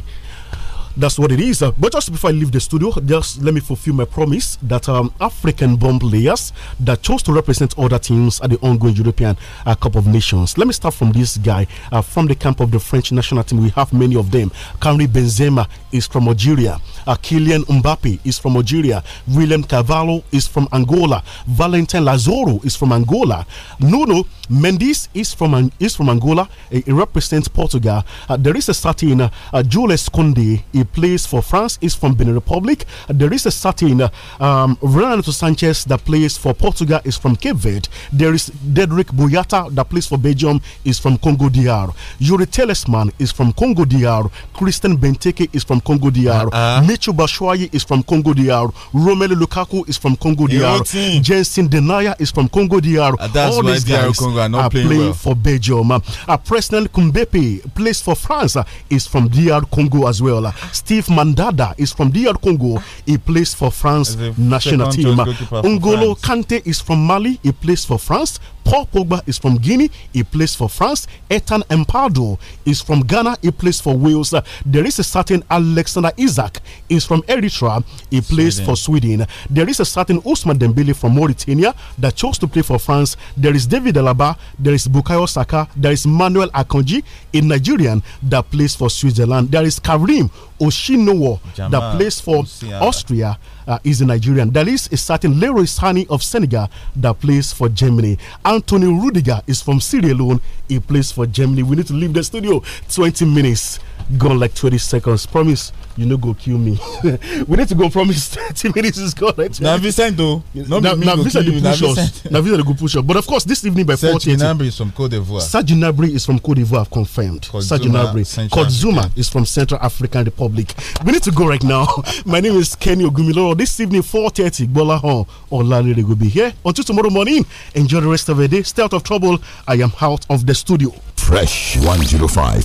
That's what it is. Uh, but just before I leave the studio, just let me fulfill my promise that um, African bomb players that chose to represent other teams at the ongoing European uh, Cup of Nations. Let me start from this guy uh, from the camp of the French national team. We have many of them. Karim Benzema is from Algeria. Uh, Kylian Mbappe is from Algeria. William Cavallo is from Angola. Valentin Lazzaro is from Angola. Nuno Mendes is from is from Angola. He represents Portugal. Uh, there is a starting uh, uh, Jules Conde. He plays for France is from Benin Republic. There is a certain um, Renato Sanchez that plays for Portugal is from Cape Verde. There is Dedrick Boyata that plays for Belgium is from Congo DR. Yuri Telesman is from Congo DR. Christian Benteke is from Congo DR. Uh -uh. Micho Bashwaye is from Congo DR. Romelu Lukaku is from Congo DR. Jensen Denaya is from Congo DR. Uh, that's All why these guys Congo are, not are playing, playing well. for Belgium. Uh, President Kumbepe plays for France uh, is from DR Congo as well. Uh, Steve Mandada is from DR Congo. He plays for France national team. Ungolo Kante is from Mali. He plays for France. Paul Pogba is from Guinea. He plays for France. Ethan Empado is from Ghana. He plays for Wales. There is a certain Alexander Isaac is from Eritrea. He plays Sweden. for Sweden. There is a certain Usman Dembele from Mauritania that chose to play for France. There is David Alaba. There is Bukayo Saka. There is Manuel Akonji, a Nigerian that plays for Switzerland. There is Karim Oshinowo that plays for Austria uh, is a Nigerian. There is a certain Leroy Sani of Senegal that plays for Germany. Anthony Rudiger is from Sierra Leone. He plays for Germany. We need to leave the studio. 20 minutes gone like 20 seconds. Promise you no go kill me. we need to go promise 30 minutes is gone. Right? Now Vincent though. No now, Vincent the push us. Now Vincent the push us. But of course this evening by 4.30. Sajinabri is from Cote d'Ivoire. Sajinabri is from Cote d'Ivoire, I've confirmed. Sajinabri. Kodzuma is from Central African Republic. We need to go right now. My name is Kenny Ogumiloro this evening, 4.30, Bola Hall or Larry will be here. Until tomorrow morning, enjoy the rest of the day. Stay out of trouble. I am out of the studio. Fresh 105.9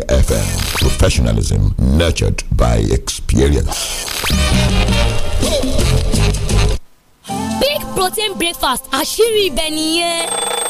FM. Professionalism nurtured by experience. Big protein breakfast. Ashiri beniye. nìyẹn.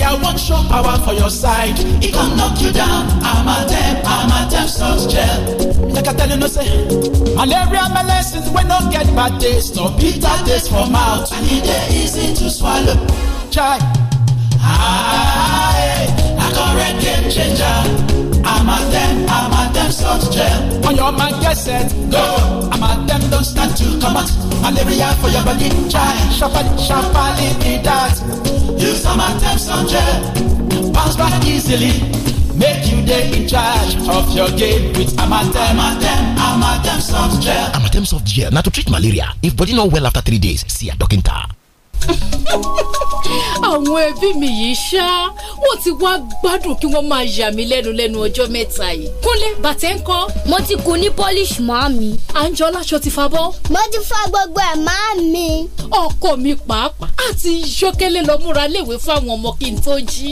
prayer wan show power for your side It can knock you down I'm I'm a dem. a dem soft gel Like i tell you no say malaria medicine wey not get bad taste no bitter taste from mouth and e dey easy to swallow Try. Ah, a game I'm at them, I'm at them, salt gel. On your mind, get set, go. I'm at them, don't stand to come out. Malaria for your body, try. Shuffle, shuffle, need that. Use some at them, salt gel. Bounce back easily make you dey in charge of your game with amatem amatem amatem soft gel. amatem soft gel Now to treat malaria if body not well after three days see a doctor. àwọn ẹbí mi yìí ṣá wọn ti wá gbádùn kí wọn máa yà mí lẹ́nu lẹ́nu ọjọ́ mẹ́ta yìí. kúnlẹ̀ bàtẹ́ ń kọ́. mo ti kun ní polish máa mi. àǹjọ́lá aṣọ ti fa bọ́. mo ti fa gbogbo ẹ̀ máa mi. ọkọ mi pàápàá àti yọkẹlẹ lọ múra léwe fún àwọn ọmọ kí n tó jí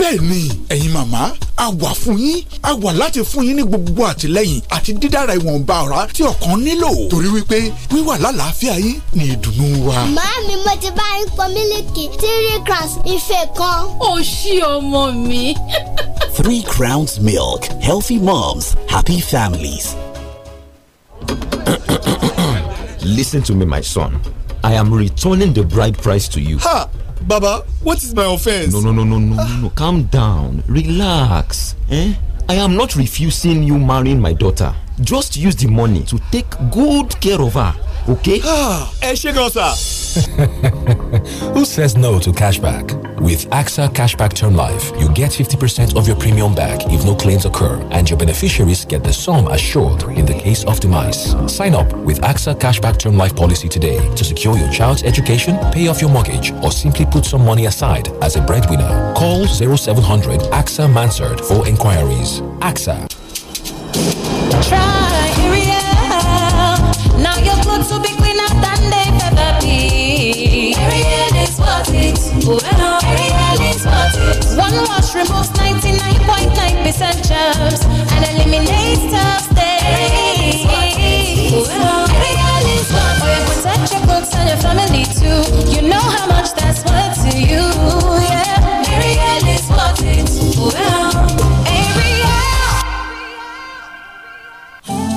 bẹ́ẹ̀ni ẹ̀yin màmá a wà fún yín a wà láti fún yín ní gbogbo àtìlẹ́yìn àti dídára ìwọ̀nba ọ̀rá tí ọkàn nílò torí wípé wíwà lálàáfíà yín ni ìdùnnú wa. mi mo ti bá yín pọn mílìkì three crowns ife kan. ó ṣí ọmọ mi. three crowns milk healthy moms happy families. Listen to me, my son. I am returning the bride price to you. Ha! Baba, what is my offense? No, no, no, no, no, no, no. Calm down. Relax. Eh? I am not refusing you marrying my daughter. Just use the money to take good care of her okay? Ah, eh, Who says no to cashback? With AXA Cashback Term Life, you get 50% of your premium back if no claims occur, and your beneficiaries get the sum assured in the case of demise. Sign up with AXA Cashback Term Life policy today to secure your child's education, pay off your mortgage, or simply put some money aside as a breadwinner. Call 0700 AXA Mansard for inquiries. AXA. Try want to be cleaner than they've ever been. Ariel is worth it. Oh, hello. Ariel is worth it. One wash removes 99.9% germs and eliminates tough stains. Oh, hello. Ariel is worth it. Oh, you protect your clothes and your family too. You know how much that's worth to you. Yeah. Ariel is worth it. Oh,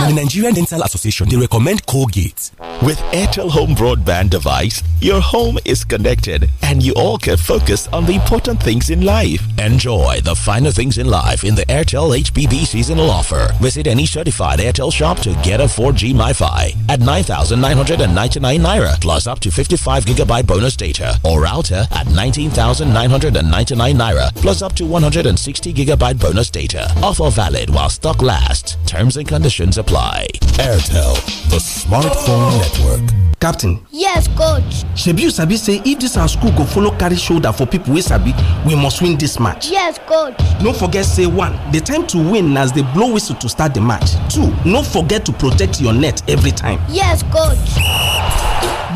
Now, the Nigerian Dental Association, they recommend Colgate. With Airtel Home Broadband device, your home is connected and you all can focus on the important things in life. Enjoy the finer things in life in the Airtel HBB seasonal offer. Visit any certified Airtel shop to get a 4G MiFi at 9,999 Naira plus up to 55 gigabyte bonus data or router at 19,999 Naira plus up to 160 gigabyte bonus data. Offer valid while stock lasts. Terms and conditions apply. apply. airtel the smartphone network captain yes coach shebi you sabi say if this our school go follow carry shoulder for people wey sabi we must win this match yes coach no forget say one the time to win as dey blow whistle to start the match two no forget to protect your net every time yes coach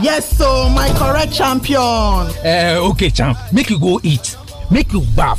yes so my correct champion Uh, okay champ make you go eat make you baff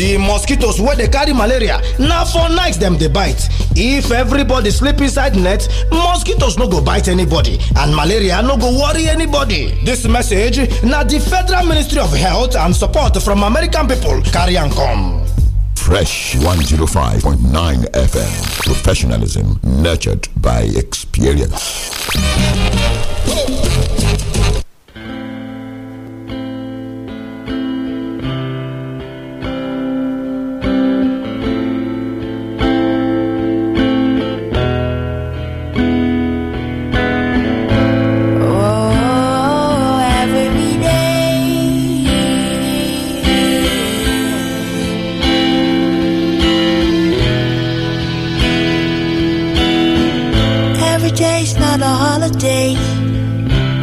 the mosquitoes wey dey carry malaria na for night dem dey bite if everybody sleep inside net mosquitoes no go bite anybody and malaria no go worry anybody dis message na di federal ministry of health and support from american pipo carry am come. fresh 105.9 fm professionalism nurtured by experience.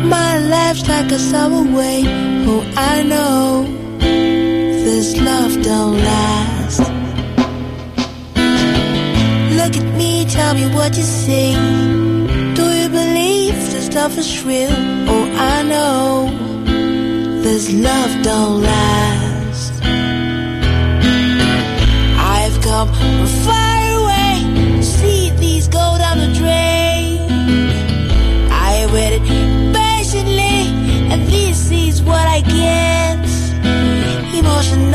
My life's like a subway. Oh, I know this love don't last. Look at me, tell me what you see. Do you believe this love is real? Oh, I know this love don't last. I've come far. I get emotional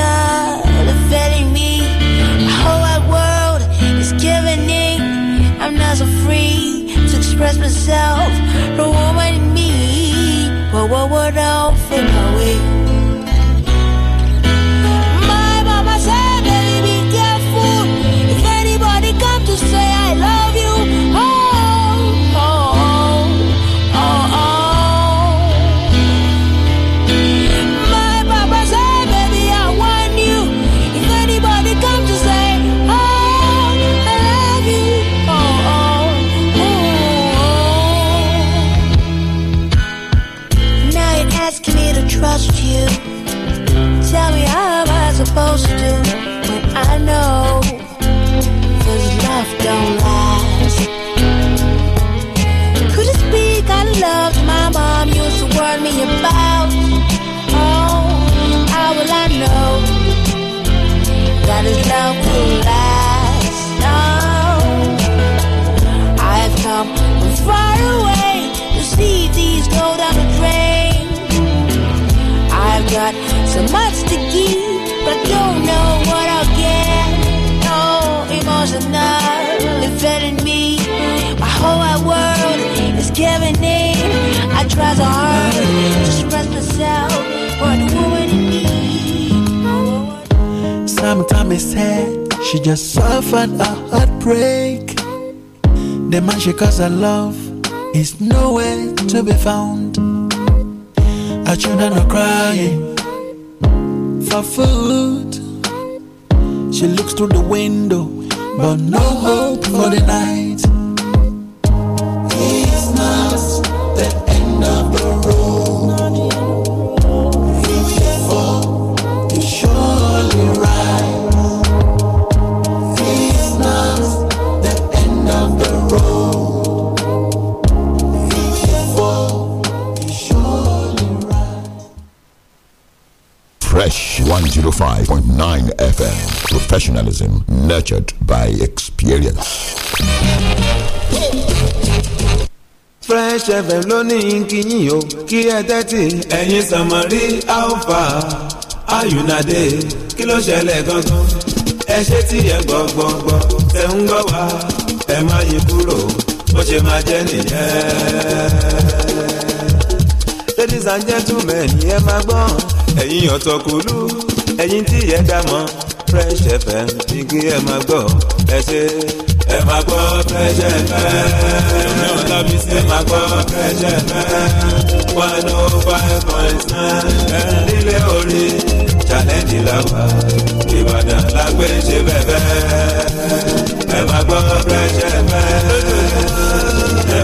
me. whole wide world is giving in. I'm not so free to express myself. warn me about? Oh, how will I know that his love will last? No, I have come from far away to see these go down the drain. I've got so much to give, but I don't know what I'll get. No, emotional, it fed in me. My whole wide world is giving in. Sometimes it's sad, she just suffered a heartbreak. The man she calls her love is nowhere to be found. Her children are crying for food. She looks through the window, but no hope for the night. Fresh 105.9 FM. Professionalism nurtured by experience. Fresh FM lónìí kìyìn o kí ẹ tẹ́tì. ẹ̀yin sànmọ́rí alpha ayùnádé kí ló ṣẹlẹ̀ gangan. ẹ ṣe tí ẹ gbọ́ gbọ́ gbọ́ ẹ ń gbọ́ wá ẹ má yí kúrò bó ṣe máa jẹ́ nìyẹn. ladies and gentlemen ẹ máa gbọ́n ẹ̀yin ọ̀tọ̀kùlú ẹ̀yin tí ẹ dá mọ̀ Fresh FM ní kí ẹ máa gbọ́ ẹ ṣe. ẹ máa gbọ́ Fresh FM ní ọ̀la mi sí. ẹ máa gbọ́ Fresh FM one oh five point nine nílé orí challenge la wà Ìbàdàn la gbé ẹ máa gbọ́ Fresh FM.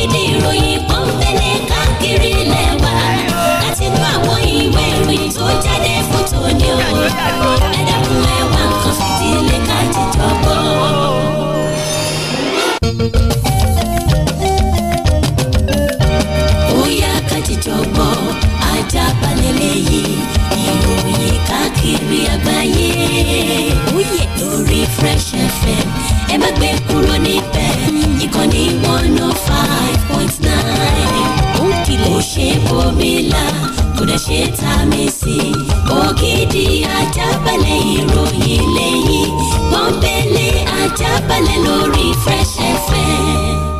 ògidì ìròyìn kan ń fẹlẹ̀ káàkiri lẹ́wà láti inú àwọn ìwé ìròyìn tó jáde fún tòní o ẹ dákun ẹ nǹkan fìdílé ká jíjọ gbọ́. ó yá ká ajá balẹ̀ lẹ́yìn ìròyìn káàkiri àgbáyé lórí Fresh FM ẹ má gbé kúrò níbẹ̀ ìkànnì one oh five point nine. ó kìlẹ̀ kò ṣe bòmílà kò dẹ̀ ṣe tà mí sí. ògidì ajábalẹ̀ ìròyìn lẹ́yìn pọ́npẹ́lẹ́ ajábalẹ̀ lórí Fresh FM.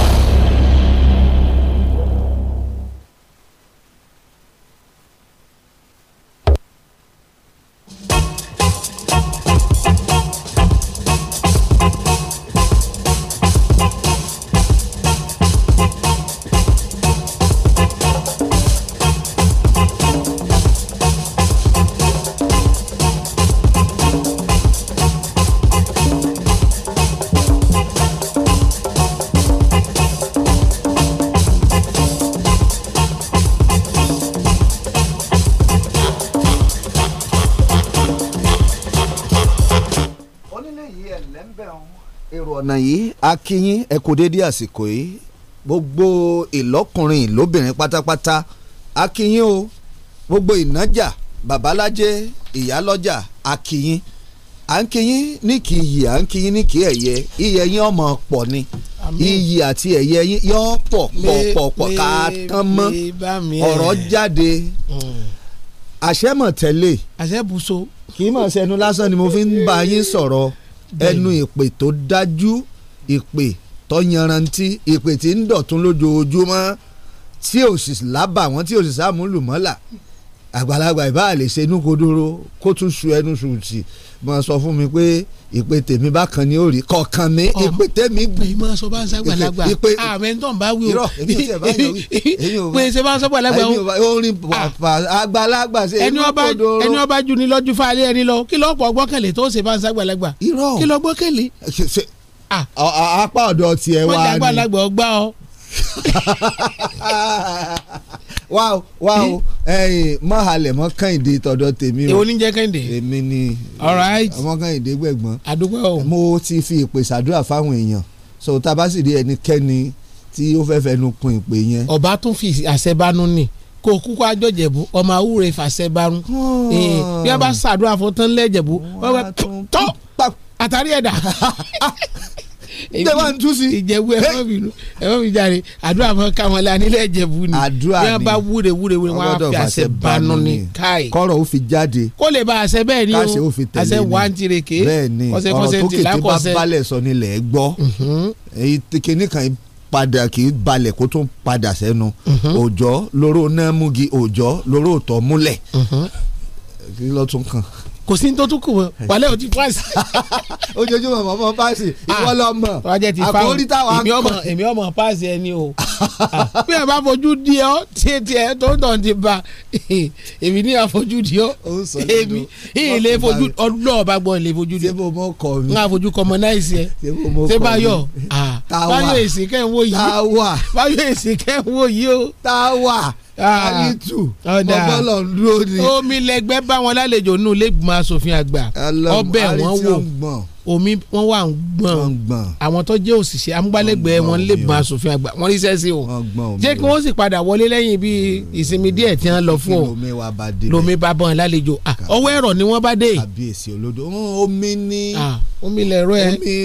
akínyín ẹ kú dédé àsìkò yìí gbogbo ìlọ́kùnrin ìlóbìnrin pátápátá akínyín o gbogbo ìnájà babalájẹ ìyálọ́jà akínyín à ń kínyín ní kì í yì à ń kínyín ní kì í ẹ̀yẹ iyẹ yín ọmọ pọ̀ ni iyì àti ẹ̀yẹ yín yọ pọ̀ pọ̀ pọ̀ ká tán mọ́ ọ̀rọ̀ jáde àṣẹmọ̀tẹ́lẹ̀ mm. àṣẹbùsọ kì í mọ̀ sẹ́nu lásán ni mo fi ń bá yín sọ̀rọ̀ ẹnu ìpè tó dájú ìpè tó yanrantí ìpè tí ń dọ̀tún lójoojúmọ́ tí ò sì lábà wọ́n tí ò sì sàmúlùmọ́là àgbàlagbà ìbá lè ṣe inú kodoro kó tún su ẹnu sùn sí mo sọ fún mi pé ìpè tèmi bá kan ní òrì kọ̀ọ̀kan mi ìpè tèmi. èyí máa sọ bá ń sàgbàlagbà àmì ah, ń tàn bá wí o. irọ́ èmi ò tẹ̀ bá yàn wí. pé ṣe bá ń sàgbàlagbà o. orin ah. àgbàlagbà ṣe inú kodoro. ẹni ọba jù ní lọ́jú fún alẹ́ ẹni lọ kí lọ́pọ̀ gbọ́kànlé tó ṣe bá ń sàgbàlagbà. irọ́ kí lọ gbọ́kànlé apá ọ̀dọ̀ tiẹ̀ wá ni. wọ́n jẹ́ àgbàlagbà ọgbà ọ. wá o wá o ẹyin mọ halẹ̀ mọ kẹ́hìndé tọ̀dọ̀ tèmi o. èwo ní èmi ni ọmọ kẹ́hìndé gbẹ̀gbọ́n. mo ti fi ìpè sàdúrà fáwọn èèyàn so tá a tí ó fẹ́ fẹnu kun ìpè yẹn. ọba tún fi àṣẹ ni kò kúkú àjọjẹ̀bú ọmọ awúre fàṣẹ eh, bí a bá ṣàdúrà fún tán lẹ́jẹ̀bú ọba tó àtàrí ẹ̀dá jẹba n tún sí. ìjẹ̀bú ẹ̀fọ́ mi ẹ̀fọ́ mi jàre àdúrà mọ káwọn la nílẹ̀ ìjẹ̀bú ni àdúrà ni bí wọ́n bá wúre wúre wúre wọ́n á fi àṣẹ banu ni káì. kọ́rọ̀ ó fi jáde. kó lè ba àṣẹ bẹ́ẹ̀ ni o káṣẹ ó fi tẹ̀lé ni àṣẹ wà ń tireke. bẹ́ẹ̀ni ọ̀rọ̀ tó kété bá balẹ̀ sọ nílẹ̀ gbọ́ mm-hmm. kíní kan padà kì í balẹ̀ kó tún padà sẹ́nu òòjọ́ mm-hmm. lóró náà múgi òòjọ́ lóró òtọ́ múlẹ̀ mm-hmm. kí ló tún kàn kò sí tó tún kù mọ́ wàlẹ́ ò ti fáàsì. ojoojúmọ́ mọ̀ mọ́ ìwọ ah, lọ mọ̀ àkórí táwa ń kọ́. èmi ọmọ fáàsì ẹni o ah, bí ẹ bá fojú di ọ tiẹ tó ń tàn ti ba èmi ní àfojú di ọ èmi ilé fojú ọdún náà gbọ́ ilé fojú di ọ. n ka fojú kọmọ náà ẹsẹ sebayọ báyọ̀ èsì kẹ́ ń wò yìí báyọ̀ èsì kẹ́ yìí o àyítù ah, ah, ọgbọ́lọ̀ ń dúró ni. omi lẹgbẹ́ bá wọn lálejò nínú ilégbìmọ̀ asòfin àgbà ọbẹ̀ wọn wò omi wọn wà ń gbọ̀n àwọn tó jẹ́ òṣìṣẹ́ amúgbálẹ́gbẹ̀ẹ́ wọn lẹ́gbọ̀n asòfin àgbà wọn ríṣẹ́ sí o jẹ́ kí wọ́n sì padà wọlé lẹ́yìn bí ìsinmi díẹ̀ tí wọ́n lọ fún o lomi bá bọ̀ lálejò ah, ọwọ́ ẹ̀rọ ni wọ́n bá dé. kàbíyèsí olódò omi ní omi lẹ̀rọ ẹ omi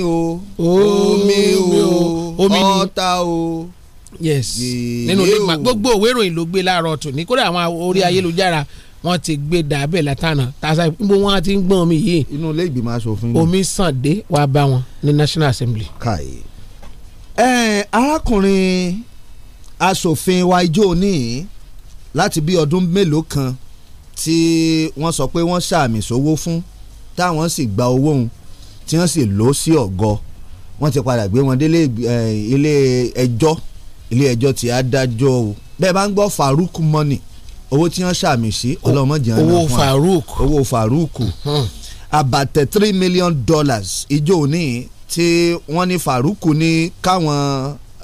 o omi o ọta o yes nínú ìgbà gbogbo òwe ìròyìn ló gbé láàárọ̀ tòní kódà àwọn orí ah. ayélujára wọ́n ti gbé dàbẹ̀ látànà tàṣà gbogbo wọn ti ń gbọ́n omi yìí. inú ilé ìgbìmọ̀ asòfin. omi sàn dé wàá bá wọn ní National Assembly. káyé ẹ arákùnrin asòfin wa ijó ní láti bí ọdún mélòó kan tí wọ́n sọ pé wọ́n ṣàmì sówó fún táwọn sì gba owó òun tí wọ́n sì lò ó sí ọ̀gọ́ wọ́n ti padà gbé wọn délé ilé ẹjọ́. E, ilé ẹjọ́ ti adájọ́ o bẹ́ẹ̀ bá ń gbọ́ Farouk money owó tí wọ́n ṣàmì sí ọlọ́mọdé ọ̀nà fún wa owó Farouk owó Farouk hmm. àbàtẹ̀ three million dollars ìjọ òní tí wọ́n ní Farouk ní káwọn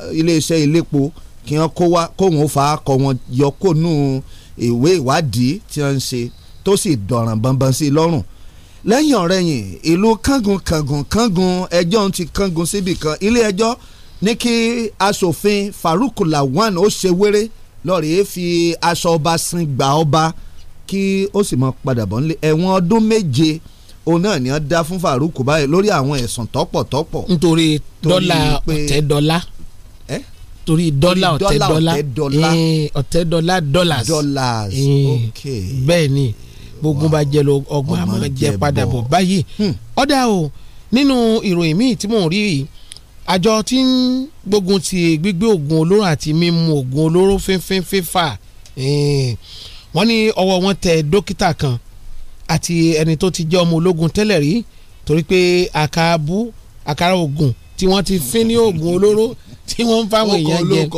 eh, iléeṣẹ́ iléepo kí wọ́n kó wá kóhun ó fa akọ wọn yọ kó nù ìwé ìwádìí tí wọ́n ń ṣe tó sì dọ̀ràn bọ̀nbọ̀n sí i lọ́rùn lẹ́yìn ọ̀rẹ́yìn ìlú kángun kángun kángun ẹjọ́ ń ti kángun síbì ilé ẹjọ́ e ní kí asòfin Farouk Lawan ó ṣe wéré lọ́ọ̀rì fi aṣọ ọba sin gbà ọba kí ó sì mọ padà bọ̀ nílé ẹ̀wọ̀n ọdún méje òun náà ni wọ́n dá fún Farouk báyìí lórí àwọn ẹ̀sùn tọ́pọ̀tọ́pọ̀. nítorí dọ́là ọ̀tẹ̀ dọ́là torí dọ́là ọ̀tẹ̀ dọ́là ọ̀tẹ̀ dọ́là dollars dollars ok bẹ́ẹ̀ ni gbogbo bá jẹ lọ ọgbọ́n àmọ́ jẹ padà bọ̀ báyìí hmm. ọ̀dà o nínú ìròyìn míì tí mò ń rí yìí àjọ tí ń gbógun ti gbígbé oògùn olóró àti mímu oògùn olóró fínfín fífà wọ́n ní ọwọ́ wọn tẹ dókítà kan àti ẹni tó ti jẹ́ ọmọ ológun tẹ́lẹ̀ rí torí pé àkàbù àkàrà oògùn tí wọ́n ti fín ní oògùn olóró tí wọ́n ń fáwọn èèyàn jẹ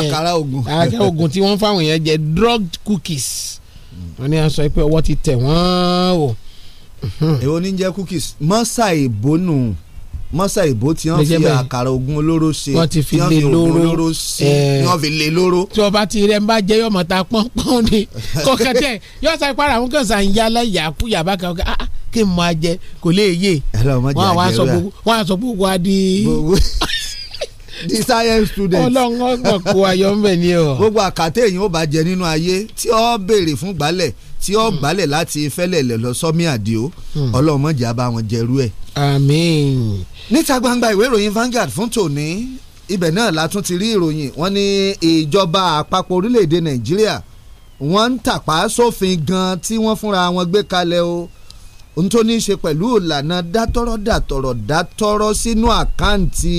àkàrà oògùn àkàrà oògùn tí wọ́n ń fáwọn èèyàn jẹ drugged cookies wọ́n ní a sọ pé ọwọ́ ti tẹ̀ wọ́n o. èwo ní jẹ́ cookies mọ́sà ìbónú. E mọ́sà ìbò tí wọ́n fi àkàrà ogun olóró ṣe tí wọ́n fi ogun olóró ṣe tí wọ́n fi lé lóró. tí ọba ti rẹ̀ ń bá jẹ́ yọ̀mọ̀ ta pọ́npọ́n ni kọ́kẹ́tẹ́ yọ̀ọ́sà ìpara àwọn kan sàn yálà yàkú yàbá kan ah, ah, kí n máa jẹ kò lè yé wọ́n á sọ gbogbo wọ́n á gbogbo adi di science student. ọlọ́run ọgbọ̀n kó ayọ̀ ń bẹ̀ ni o. gbogbo àkàtà èyí ó bàjẹ́ nínú ayé tí ó béèrè fún gbálẹ̀ tí ó gbálẹ̀ hmm. láti fẹ́lẹ̀ lọ sọ́mi àdìo hmm. ọlọ́mọdé àbá wọn jẹrú ẹ̀. àmín. níta gbangba ìwé ìròyìn Vanguard fún tòní ibẹ̀ náà la tún ti rí ìròyìn wọn ní ìjọba àpapọ̀ orílẹ̀-èdè Nàìjíríà wọ́n ń tàpá sófin gan tí wọ́n fúnra wọn gbé kalẹ̀ o ohun tó ní í ṣe pẹ̀lú ìlànà dátọ́rọ́ dátọ́rọ́ dátọ́rọ́ sínú àkáǹtì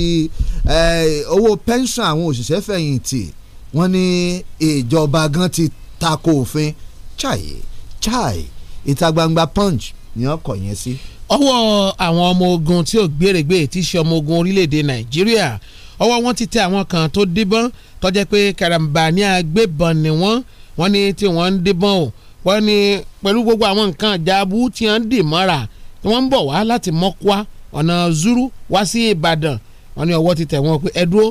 owó pẹ́ńsàn àwọn òṣìṣẹ́ fẹ̀yìntì wọ́n ní ìjọba gan ti tako òfin chai chai ìta gbangba punch ni wọ́n kọ yẹn sí. ọwọ́ àwọn ọmọ ogun tí ò gbèrègbè tí í ṣe ọmọ ogun orílẹ̀-èdè nàìjíríà ọwọ́ wọn ti tẹ àwọn kan tó díbọ́n tó jẹ́ pé karambà ní agbébọn ni wọ́n wọ́n ní tí wọ́n ń díbọ́n o wọ́n ní pẹ̀lú gbogbo àwọn nǹkan jábú tí wọ́n ń dì mọ́ra wọ́n ń bọ̀ wá láti mọ́kúá ọ̀nà zuru wá sí ìbàdàn wọ́n ní ọwọ́ ti tẹ̀ wọ́n pé ẹ dúró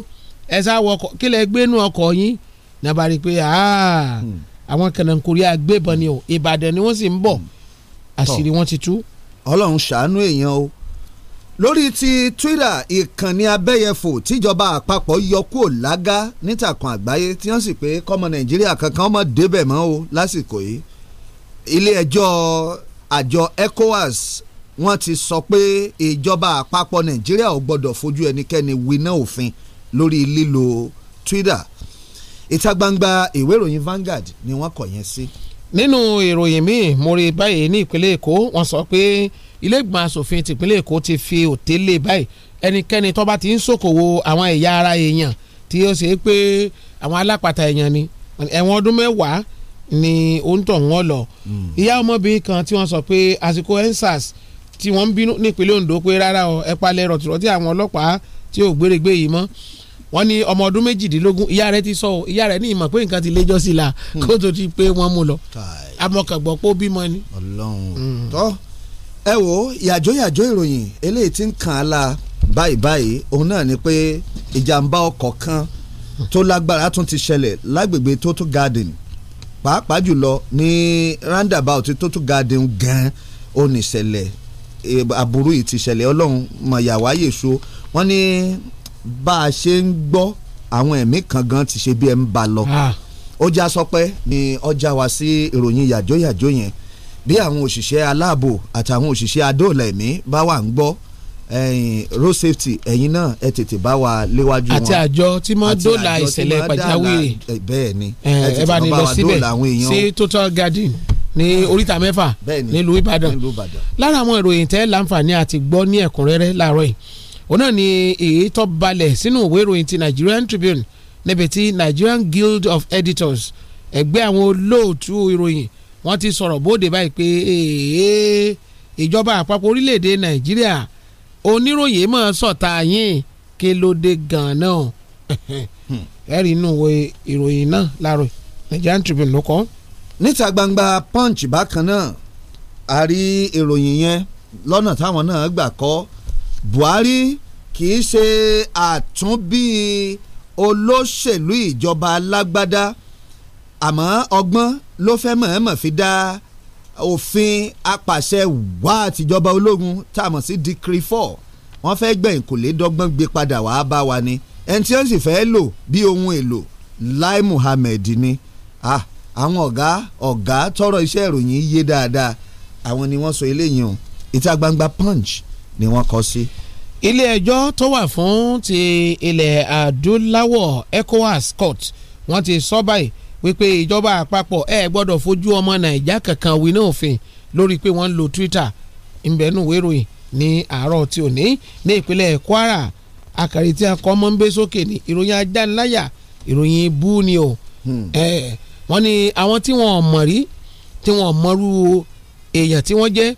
ẹ sá wọkọ̀ kílẹ̀ gbénú ọkọ̀ yín nàbàrí pé aaa àwọn kànáńkórí agbébọn ni o Ìbàdàn ni wọ́n sì ń bọ̀ hmm. àṣírí wọn ti tú. Ọlọ́run ṣàánú èèyàn o lórí ti Twitter ìkànnì abẹ́yẹfò tíjọba àpapọ̀ yọ kúrò lága nítakùn àgbáyé tí wọ́n sì pé kọ́mọ Nàìjíríà kankan mọ̀ débẹ̀ mọ́ o lásìkò yìí ilé ẹjọ́ àjọ ECOWAS wọ́n ti sọ pé ìjọba àpapọ̀ Nàìjíríà ò gbọ́dọ̀ fojú ẹnikẹ́ni winá òfin lórí lílo Twitter ìta gbangba ìwé ìròyìn Vanguard ni wọ́n kọ yẹn sí. nínú ìròyìn míì mo rí báyìí ní ìpínlẹ̀ Èkó wọ́n sọ pé ilé ìgbìmọ̀ asòfin tìpínlẹ̀ Èkó ti fi òté lé báyìí ẹnikẹ́ni tó bá ti ń ṣòkòwò àwọn ẹ̀yà ara èèyàn tí ó ṣe é pé àwọn alápàtà èèyàn ni ẹ̀wọ̀n ọdún mẹ́wàá ni òǹtọ̀ wọn lọ. Hmm. ìyá ọmọbìnrin kan tí wọ́n sọ pé àsìkò ensars tí wọ́n ń bínú nípínlẹ̀ Ondo pé rárá o ẹ palẹ̀ rọ̀tìrọ̀tì àwọn ọlọ́pàá tí ò gbéregbé yìí mọ́ wọ́n ní ọmọ ọdún méjìdínlógún ìyá rẹ̀ ti sọ ọ ìyá rẹ̀ ní ìmọ̀ pé nǹkan ti léjọ́ sí la hmm. kó tó ti pé wọ́n mú lọ amọ̀kàgbọ́ pé ó bímọ ni. Ọlọ́run hmm. tó ẹ wo yàjó yàjó ìròyìn eléyìí ti ń kàn án la báyìí báyìí òun náà ni pé ìjàmbá ọkọ̀ kan tó lágbára tún ti ṣẹlẹ̀ lágbègbè Total Garden pàápàá jùlọ ní roundabout Total Garden gan-an ó ní ṣẹlẹ̀ e, aburú yìí ti ṣẹlẹ̀ ọlọ́run mọ̀yàwá yèso wọ́n ní bá a ṣe ń gbọ́ àwọn ẹ̀mí kan gan ti ṣe bí ẹ ń ba lọ ah. ó já sọpẹ́ ni ọjà wá sí ìròyìn yàjóyàjó yẹn bí àwọn òṣìṣẹ́ aláàbò àtàwọn òṣìṣẹ́ adóòlà ẹ̀mí bá wà ń gbọ́ road safety ẹ̀yin náà ẹ tètè bá wa léwájú wọn àti àjọ tí mo dóòlà ìṣẹ̀lẹ̀ pàjáwìrì bẹ́ẹ̀ ni ẹ tètè bá wa dóòlà àwọn èèyàn sí total garden ní ah. oríta mẹ́fà nílùú Ìbàdàn lára àwọn ìròyìn tẹ́ láǹfààní àti gbọ́ ní ẹ̀kúnrẹ́rẹ́ láàárọ̀ yìí òun náà ni èyí tó balẹ̀ sínú ìwé ìròyìn ti Nigerian Tribune níbi tí Nigerian Guild of Editors ẹgbẹ́ àwọn olóòtú ìròyìn wọ́n ti sọ̀rọ̀ bóde báyìí pé ìjọba àpapọ̀ orílẹ̀-èdè Nàìjíríà oníròyìn mọ̀ sọ̀tà yín kí ló dé gan-an náà hmm. ẹ̀rí inú wo ìròyìn náà láàárọ̀ Nigerian Tribune ló kọ́. níta gbangba Punch bákan náà a rí ìròyìn yẹn lọ́nà táwọn náà gbà kọ́ Buhari kì í ṣe àtúnbí olóṣèlú ìjọba alágbádá àmọ́ ọgbọ́n ló fẹ́ mọ̀ọ́mọ̀ fi dá òfin apàṣẹ wá àtijọba ológun tá a mọ̀ sí decree four wọ́n fẹ́ gbẹ̀yìn kò lè dọ́gbọ́n gbé padà wàá bá wa ni ẹni tí wọ́n sì fẹ́ lò bí ohun èlò Lai Muhammed ni ah, àwọn ọ̀gá ọ̀gá tọrọ iṣẹ́ ìròyìn yé dáadáa àwọn ni wọ́n sọ eléyìí o ìta gbangba punch ni wọ́n kọ́ sí. ilé ẹjọ́ tó wà fún ti ilẹ̀ adúláwọ̀ ECOWAS court wọ́n ti sọ báyìí wípé ìjọba àpapọ̀ ẹ gbọ́dọ̀ fojú ọmọ nàìjà kankan wí náà òfin lórí pé wọ́n ń lo Twitter ìbẹ̀nù wéròyìn ní àárọ̀ tí ò ní ní ìpínlẹ̀ Kwara akàrí tí a kọ́ mọ́ ń gbé sókè ní ìròyìn ajániláyà ìròyìn bú ni o hmm. wọ́n ní àwọn tí wọ́n mọ̀ rí tí wọ́n mọ̀rú èèyàn tí wọ́n jẹ́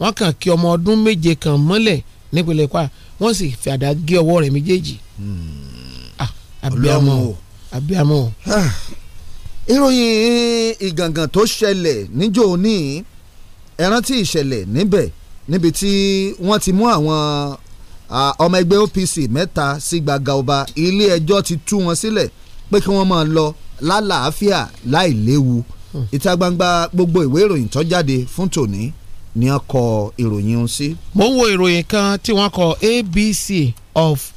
wọ́n kàn kí ọmọ ọdún méje kan mọ́lẹ̀ nípínlẹ̀ kwara wọ́n sì fi àdá gé ọwọ́ rẹ̀ méjèèjì. Hmm. Ah, abiyamọ o abiyamọ o. Ah. ìròyìn ìgàngàn tó ṣẹlẹ̀ níjó ní ẹ rántí ìṣẹ̀lẹ̀ níbẹ̀ níbi tí wọ́n ti mú àwọn ọmọ ẹgbẹ́ OPC mẹ́ta sí gbàgà ọba ilé ẹjọ́ ti tú wọn sílẹ̀ pé kí wọ́n máa lọ lálàáfíà láìléwu hmm. ìta gbangba gbogbo ìwé ìròyìn tó jáde fún tòní ni wọ́n kọ ìròyìn ọ̀hún sí. mo ń wo ìròyìn kan tí wọ́n kọ ABC of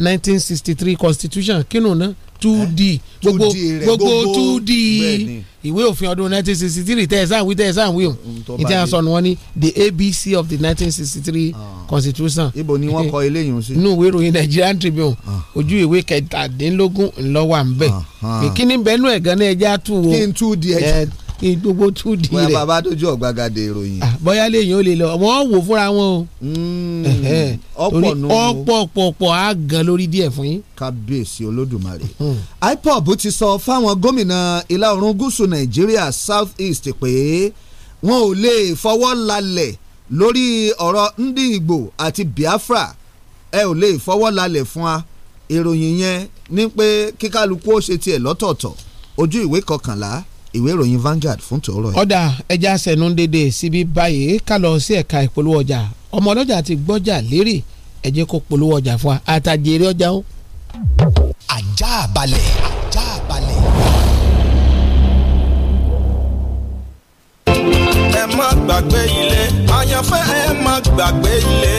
1963 constitution kínú náà 2D eh, gbogbo gbogbo 2D ìwé òfin ọdún 1963 tẹ̀sán wí tẹ̀sán wí o ìtẹ́ àṣọ ni wọ́n ní the ABC of the 1963 ah. constitution. ibo ni wọ́n kọ eléyìí sí. inú ìwé ìròyìn Nigerian Tribune ah. ojú ìwé kẹtàdínlógún ńlọ́wà ńbẹ̀ kíní bẹ́ẹ̀ nú ẹ̀gán náà ẹja tù wọ́n. kí n 2D ẹja kí gbogbo tún di rẹ̀. Ah, bóyá bàbá tó jọ gbàgàdé ìròyìn. bóyá lẹ́yìn ó lè lọ wọ́n wò fúnra wọn o. Hmm, ọ̀pọ̀ nù. ọ̀pọ̀ pọ̀pọ̀ á gan lórí díẹ̀ fún yín. kábíyèsí olódùmarè. Hmm. IPOB ti sọ fáwọn gómìnà ìlà oòrùn gúúsù nàìjíríà south east pé wọn ò lè fọwọ́ lalẹ̀ lórí ọ̀rọ̀ ndị Ìgbò àti Biafra ẹ ò lè fọwọ́ lalẹ̀ fún wa ìròyìn yẹn ní pé kíkálukú ó ṣe tiẹ̀ lọ́tọ̀ọ̀tọ̀ ojú ìwé kọkànlá ìwé ìròyìn Vanguard fún tòórọ ọ̀dà ẹja sẹ̀nu dédé síbi báyìí ká lọ sí ẹ̀ka ìpolówó ọjà ọmọ ọlọ́jà ti gbọ́jà lérè ẹ kó polówó ọjà fún wa àtàjèrè ọjà o. ajá balẹ̀ ajá balẹ̀. ẹ má gbàgbé ilé àyànfẹ́ ẹ má gbàgbé ilé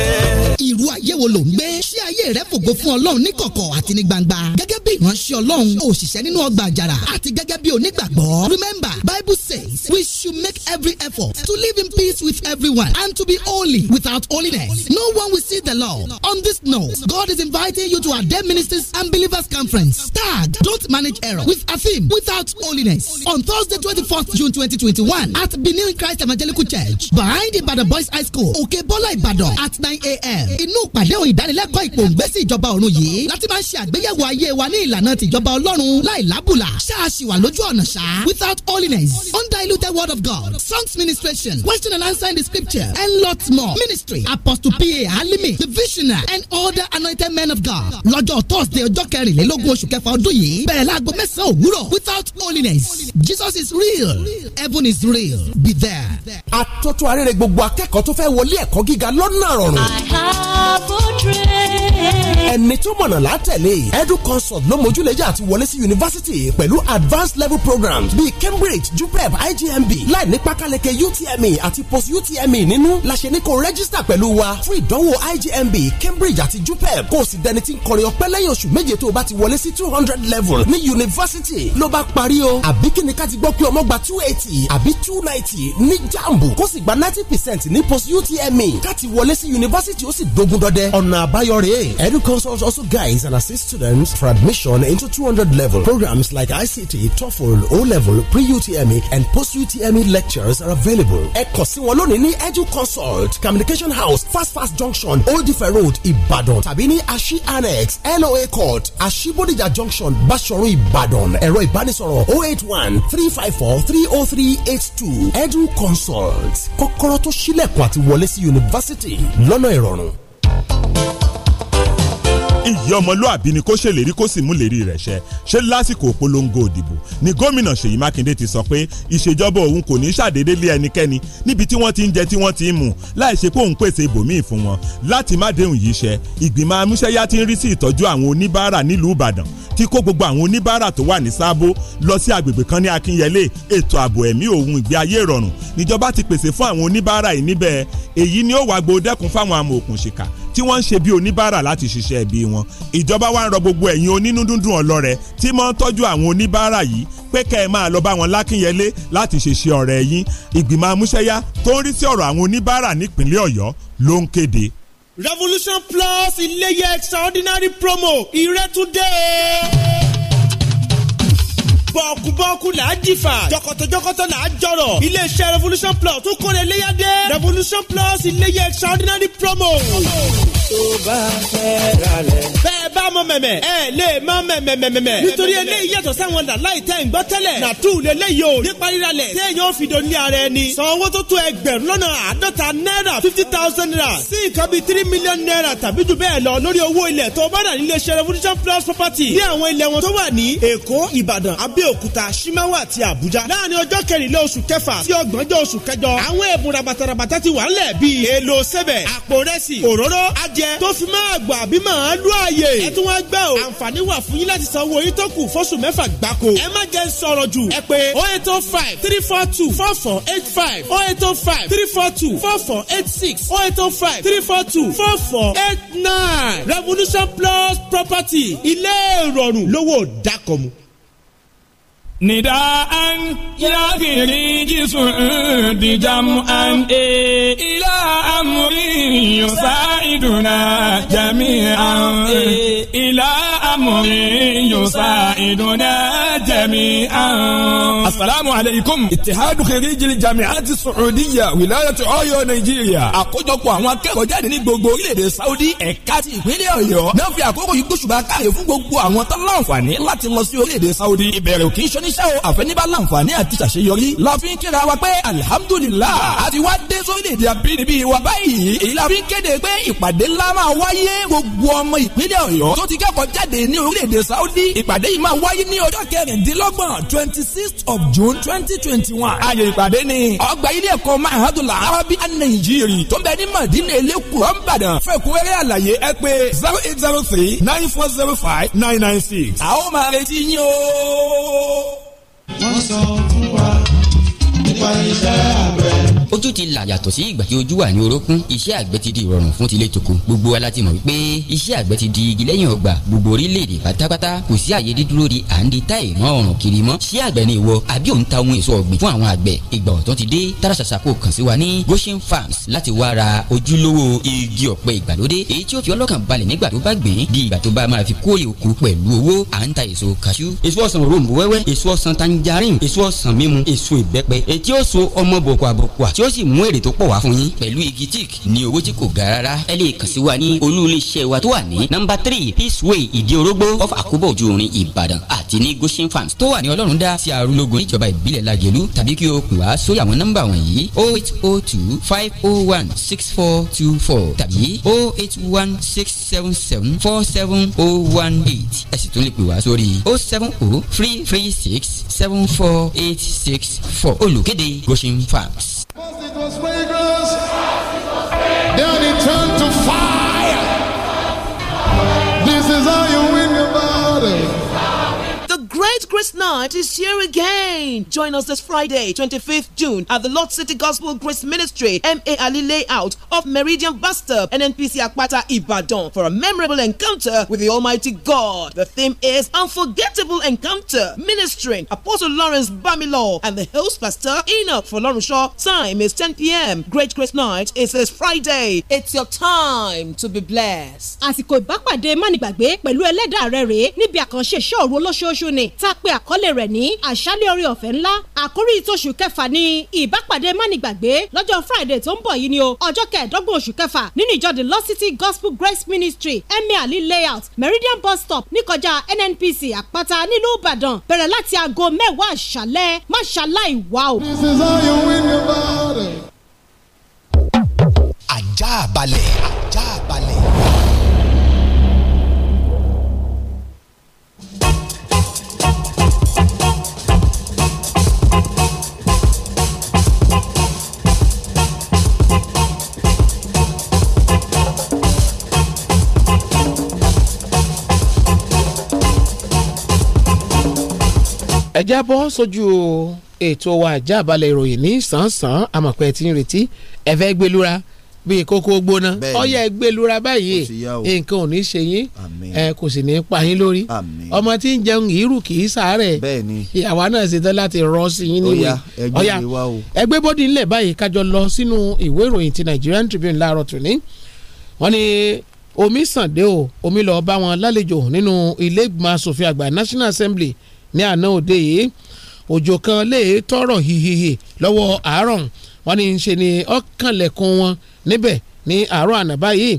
irú ayé wo ló ń gbé ṣé ayé rẹ fògo fún ọlọ́run ní kọ̀kọ̀ àti ní gbangba gẹ́gẹ́ bí ìránṣẹ́ ọlọ́run òṣìṣẹ́ nínú ọgbà àjàrà àti gẹ́gẹ́ bí onígbàgbọ́ remember bible says we should make every effort to live in peace with everyone and to be holy without holiness no one will see the Lord on this note God is inviting you to our dead ministers and believers conference tagged don't manage error with a theme without holiness on Thursday twenty fourth June twenty twenty one at Benin Christ Evangelical Church behind Ibadan Boys High School Okebola Ibadan at nine a.m inú pàdé o ìdánilẹ́kọ̀ọ́ ìpòǹgbé sí ìjọba ọ̀run yìí láti máa ṣe àgbéyẹ̀wò ayé wa ní ìlànà tìjọba ọlọ́run láì lábùlà ṣáàṣì wà lójú ọ̀nà ṣá without holiness undiluted word of God songs ministration question and answer in the scripture and lots more ministry apostle pa alimi the visionary and other anointed men of God lọ́jọ́ thursday ọjọ́ kẹrìnlélógún oṣù kẹfà ọdún yìí bẹ̀rẹ̀ láago mẹ́sàn-án òwúrọ̀ without holiness Jesus is real heaven is real be there. àtọ́tún arére gbogbo akẹ́kọ̀ọ́ tó fẹ́ wọlé ẹ̀kọ́ gíga lọ́nà rọrùn. I have ẹni tó mọ̀nà látẹ̀lé educonsult ló mójúlẹ̀jà àti wọlé sí yunifásitì pẹ̀lú advanced level programs bíi cambridge jupeb igmb láì ní pákáleke utme àti post utme nínú la ṣe ní kó rẹ́gísítà pẹ̀lú wa fún ìdánwò igmb cambridge àti jupeb kó o sì dẹni tí ń kọrin ọpẹ́ lẹ́yìn oṣù méje tó o bá ti wọlé sí two hundred level ní yunifásitì ló bá parí o àbí kí ni ká ti gbọ́ pé ọmọ gba two eighty àbí two ninety ní jambu kó sì gba ninety percent ní post utme ká ti wọlé sí dogun dọdẹ ọ̀nà àbáyọ rèé educonsult also guides and assists students for admission into 200 level programs like ICT TOEFL O level pre-UTME and post-UTME lectures are available ẹ kàn ni Edu Consult communication house fast fast junction old ife road Ibadan. Tabini ashi annex LOA court ashibodija junction Basoro Ibadan, ẹ̀rọ ìbánisọ̀rọ̀ 081 354 30382 Edu kọ́kọ́rọ́ Kokoroto Shilekwati àti University. Lono yunifásitì lọ́nà ìyá ọmọlúàbí ni kó ṣèlérí kó sì múlérí rẹ̀ ṣẹ ṣe lásìkò polongo òdìbò ni gómìnà Ṣèyí Mákindé ti sọ pé ìṣèjọba òun kò ní ṣàdédé lé ẹnikẹ́ni níbi tí wọ́n ti ń jẹ tí wọ́n ti ń mu láì ṣe pé òun pèsè ibòmíì fún wọn láti má déhùn yìí ṣẹ ìgbìmọ̀ amúṣẹ́yá ti ń rí sí ìtọ́jú àwọn oníbàárà nílùú Ìbàdàn ti kó gbogbo àwọn oníbàárà tó wà ní Sábó lọ sí agbègbè kan ní Akínyẹlé ètò ààbò ẹ̀mí òun ìgbé ayé ìrọ̀rùn níjọba ti pèsè fún àwọn oníbàárà yìí níbẹ̀ èyí ni ó wàá gbòó dẹ́kun fáwọn amòòkùnṣìkà tí wọ́n ń ṣe bí oníbàárà láti ṣiṣẹ́ ẹbí wọn ìjọba wa ń rọ gbogbo ẹ̀yin onínúdúndùn ọlọ́rẹ̀ tí máa ń tọ́jú àwọn oníbàárà yìí pé kẹ́ ẹ máa lọ bá wọn lákínyẹlé láti ṣèṣe ọ̀rẹ́ yín ìgbìmọ̀ amúṣẹ́yá tó ń rí sí ọ̀rọ̀ àwọn oníbàárà nípínlẹ̀ ọ̀yọ́ ló ń kéde. Revolution Plus ilé yẹ extraordinary promo ìrẹ́túndé bọ́ọ̀kú-bọ́ọ̀kú là á jìfà jọkọ̀tọ̀-jọkọ̀tọ̀ là á jọ̀rọ̀ iléeṣẹ́ revolution plus tó kọ́ni ẹlẹ́yàdẹ́ revolution plus iléyẹ extraordinary promo. promo tó bá fẹ́ ralẹ̀. bẹ́ẹ̀ bá mọ mẹ̀mẹ̀ ẹ lè má mẹ̀mẹ̀ mẹ̀mẹ̀. nítorí eléyìí yàtọ̀ sáwọn làláì tẹ́ ń gbọ́ tẹ́lẹ̀ nàtú lélẹ́yìí o nípa rírà lẹ̀ téèyàn ò fi dò ní ara ẹni. san owó tó tó ẹgbẹ̀rún lọ́nà àádọ́ta náírà fifty thousand naira sí nǹkan bíi three million naira tàbí jù bẹ́ẹ̀ lọ lórí owó ilẹ̀ tó bá dà nílé iṣẹ́ revolution plus property ní àwọn ilẹ̀ wọn tó wà ní èkó ìbàdàn abẹ́òkúta simawa àti àbújá láàrin ọjọ́ kẹrìnlá oṣù kẹfà sí ọgbọ̀njọ́ oṣù kẹjọ àwọn ẹ̀bùn rabatarabata ti wà ń lẹ̀ bíi èlò sẹ́bẹ̀ àpò rẹ́sì jẹ tó fi máa gbà bí màá lú àyè. ẹ tún wá gbà o àǹfààní wà fún yín láti san owó yín tó kù fóṣù mẹ́fà gbáko. ẹ má jẹ́ sọ̀rọ̀ jù ẹ pé oh eight five three four two four four eight five oh eight five three four two four four eight six oh eight five three four two four four eight nine revolution plus property ilé ìrọ̀rùn lówó dákọ̀mu. نداء إلى خريج سعود جمعا إلى أمر يساعدنا جميعا إلى أمر يساعدنا جميعا السلام عليكم اتحاد خريج الجامعات السعودية ولاية أويو نيجيريا àkójọpọ̀ àwọn akẹ́kọ̀ọ́ jáde ní gbogbo orílẹ̀-èdè Saudi ẹ̀ka ti ìpínlẹ̀ Ọ̀yọ́ náà fi àkókò yìí gbóṣùbà káyọ̀ fún gbogbo àwọn tó láǹfààní láti lọ sí orílẹ̀-èdè Saudi ìbẹ̀rẹ̀ òkè ìṣọ́ni níṣẹ́ o àfẹnibà láǹfààní àti ṣàṣeyọrí la fi ń kíra wa pé alihamudulilah a wá dé sórílẹ̀-èdè abínibí wa báyìí èyí la fi ń kéde pé ìpàdé ńlá máa wáyé gbogbo ọmọ ìpínlẹ̀ ọ̀yọ́ tó ti kẹ́kọ̀ọ́ jáde ní orílẹ̀-èdè saudi ìpàdé yìí máa wáyé ní ọjọ́ kẹrìndínlọ́gbọ̀n twenty six of june twenty twenty one ààyè ìpàdé ni ọgbà ilé ẹ̀kọ́ mahadula arabi anayijiri tó bẹ ní madina elekura nbàdàn fẹ̀kúnrẹ́rẹ́ àlàyé ẹ pé zero eight zero three nine four zero five nine nine six. a máa retí yín o wọ́n sọ fún wa ojú ti là yàtọ̀ sí ìgbà tí ojú wà ní orókún iṣẹ́ àgbẹ̀ ti di ìrọ̀rùn fún tilé toko gbogbo wa la ti mọ̀ wípé iṣẹ́ àgbẹ̀ ti di igi lẹ́yìn ọgbà gbogbo orílẹ̀-èdè pátápátá kò sí àyè dídúró di à ń di táì mọ́ ọ̀ràn kiri mọ́ ṣé àgbẹ̀ ni ìwọ àbí òun ta ohun èso ọ̀gbìn fún àwọn àgbẹ̀ ìgbà ọ̀tún ti dé tára ṣàṣàkó kàn sí wa ní Goshen Farms láti wá ra ojúlówó igi ọ̀pẹ ìgbàlódé èyí tí ó fi ọlọ́kàn balẹ̀ nígbà tó bá gbìn di ìgbà tó bá máa fi kórè oko tí ó yóò sì mú èrè tó pọ̀ wá fún yín pẹ̀lú igi tíìkì ní owó tí kò ga rárá ẹ lè kàn sí wa ní olú iléeṣẹ́ wa tó wà ní nọ́mbà three peace way ìdíorógbó of àkóbọ̀ ojú orin ìbàdàn àti ní goshen farms tó wà ní ọlọ́run dá sí arúlógún níjọba ìbílẹ̀ lajẹ̀lú tàbí kí o pè wá sórí àwọn nọ́mbà wọ̀nyí o oh eight o oh two five o oh one six four two four tàbí o eight one six seven seven four seven o one eight ẹ sì tún lè pè wá sórí o seven o three three six seven four eight six four olùkéde goshen farms. First it was fragrance, then it turned grace night is here again. Join us this Friday, 25th June, at the Lord City Gospel Grace Ministry, MA Ali Layout of Meridian Buster Stop, NNPC Akpata, Ibadan, for a memorable encounter with the Almighty God. The theme is Unforgettable Encounter, ministering Apostle Lawrence Bamilo and the host pastor Enoch for Lawrence Time is 10 p.m. Great Grace Night is this Friday. It's your time to be blessed. àsìkò ìbápàdé mánigbàgbé pẹ̀lú ẹlẹ́dàá rẹ̀ rèé níbi àkànṣe iṣẹ́ òru olóṣooṣù ni tá pe àkọlé rẹ̀ ní àṣálẹ́ orí ọ̀fẹ́ ńlá àkórí tóṣù kẹfà ni ìbápàdé mánigbàgbé lọ́jọ́ friday tó ń bọ̀ yìí ni o ọjọ́ kẹẹ̀ẹ́dọ́gbọ̀n oṣù kẹfà nínú ìjọ the lost city gospel grace ministry emir layout meridian bus stop níkọjá nnpc àpáta nílùú ìbàdàn bẹ̀rẹ̀ láti aago mẹ́wàá àṣálẹ́ má ṣaláì o. this is how you win your battle. ajá balẹ̀ ajá balẹ̀. ẹ jábọ́ sójú ètò wa àjàbalẹ̀ ìròyìn ní sàn-sàn àmọ̀pẹ́ tí ń retí ẹ fẹ́ gbẹlúra bíi kókó gbóná ọyẹ gbẹlúra báyìí nǹkan ò ní ṣe yín ẹ kò sì ní pa yín lórí ọmọ tí ń jẹun ìrù kì í sàárẹ̀ ìyàwó náà ṣetán láti rọ sí yín níwèé ọyà ẹgbẹ́ bọ́dí ńlẹ̀ báyìí kájọ lọ sínú ìwé ìròyìn ti Nigerian Tribune láàárọ̀ tòní wọ́n ní omi sàndé o omi lọ́ọ́ bá wọn lálejò nínú ilé ìgbìmọ̀ asòfin àgbà National Assembly ní àná òde yìí òjò kan lè tọrọ hihihi lọ́wọ́ àárọ̀ wọn ní í ṣe ni ọkànlẹ̀kùn wọn níbẹ̀ ní àárọ̀ àná báyìí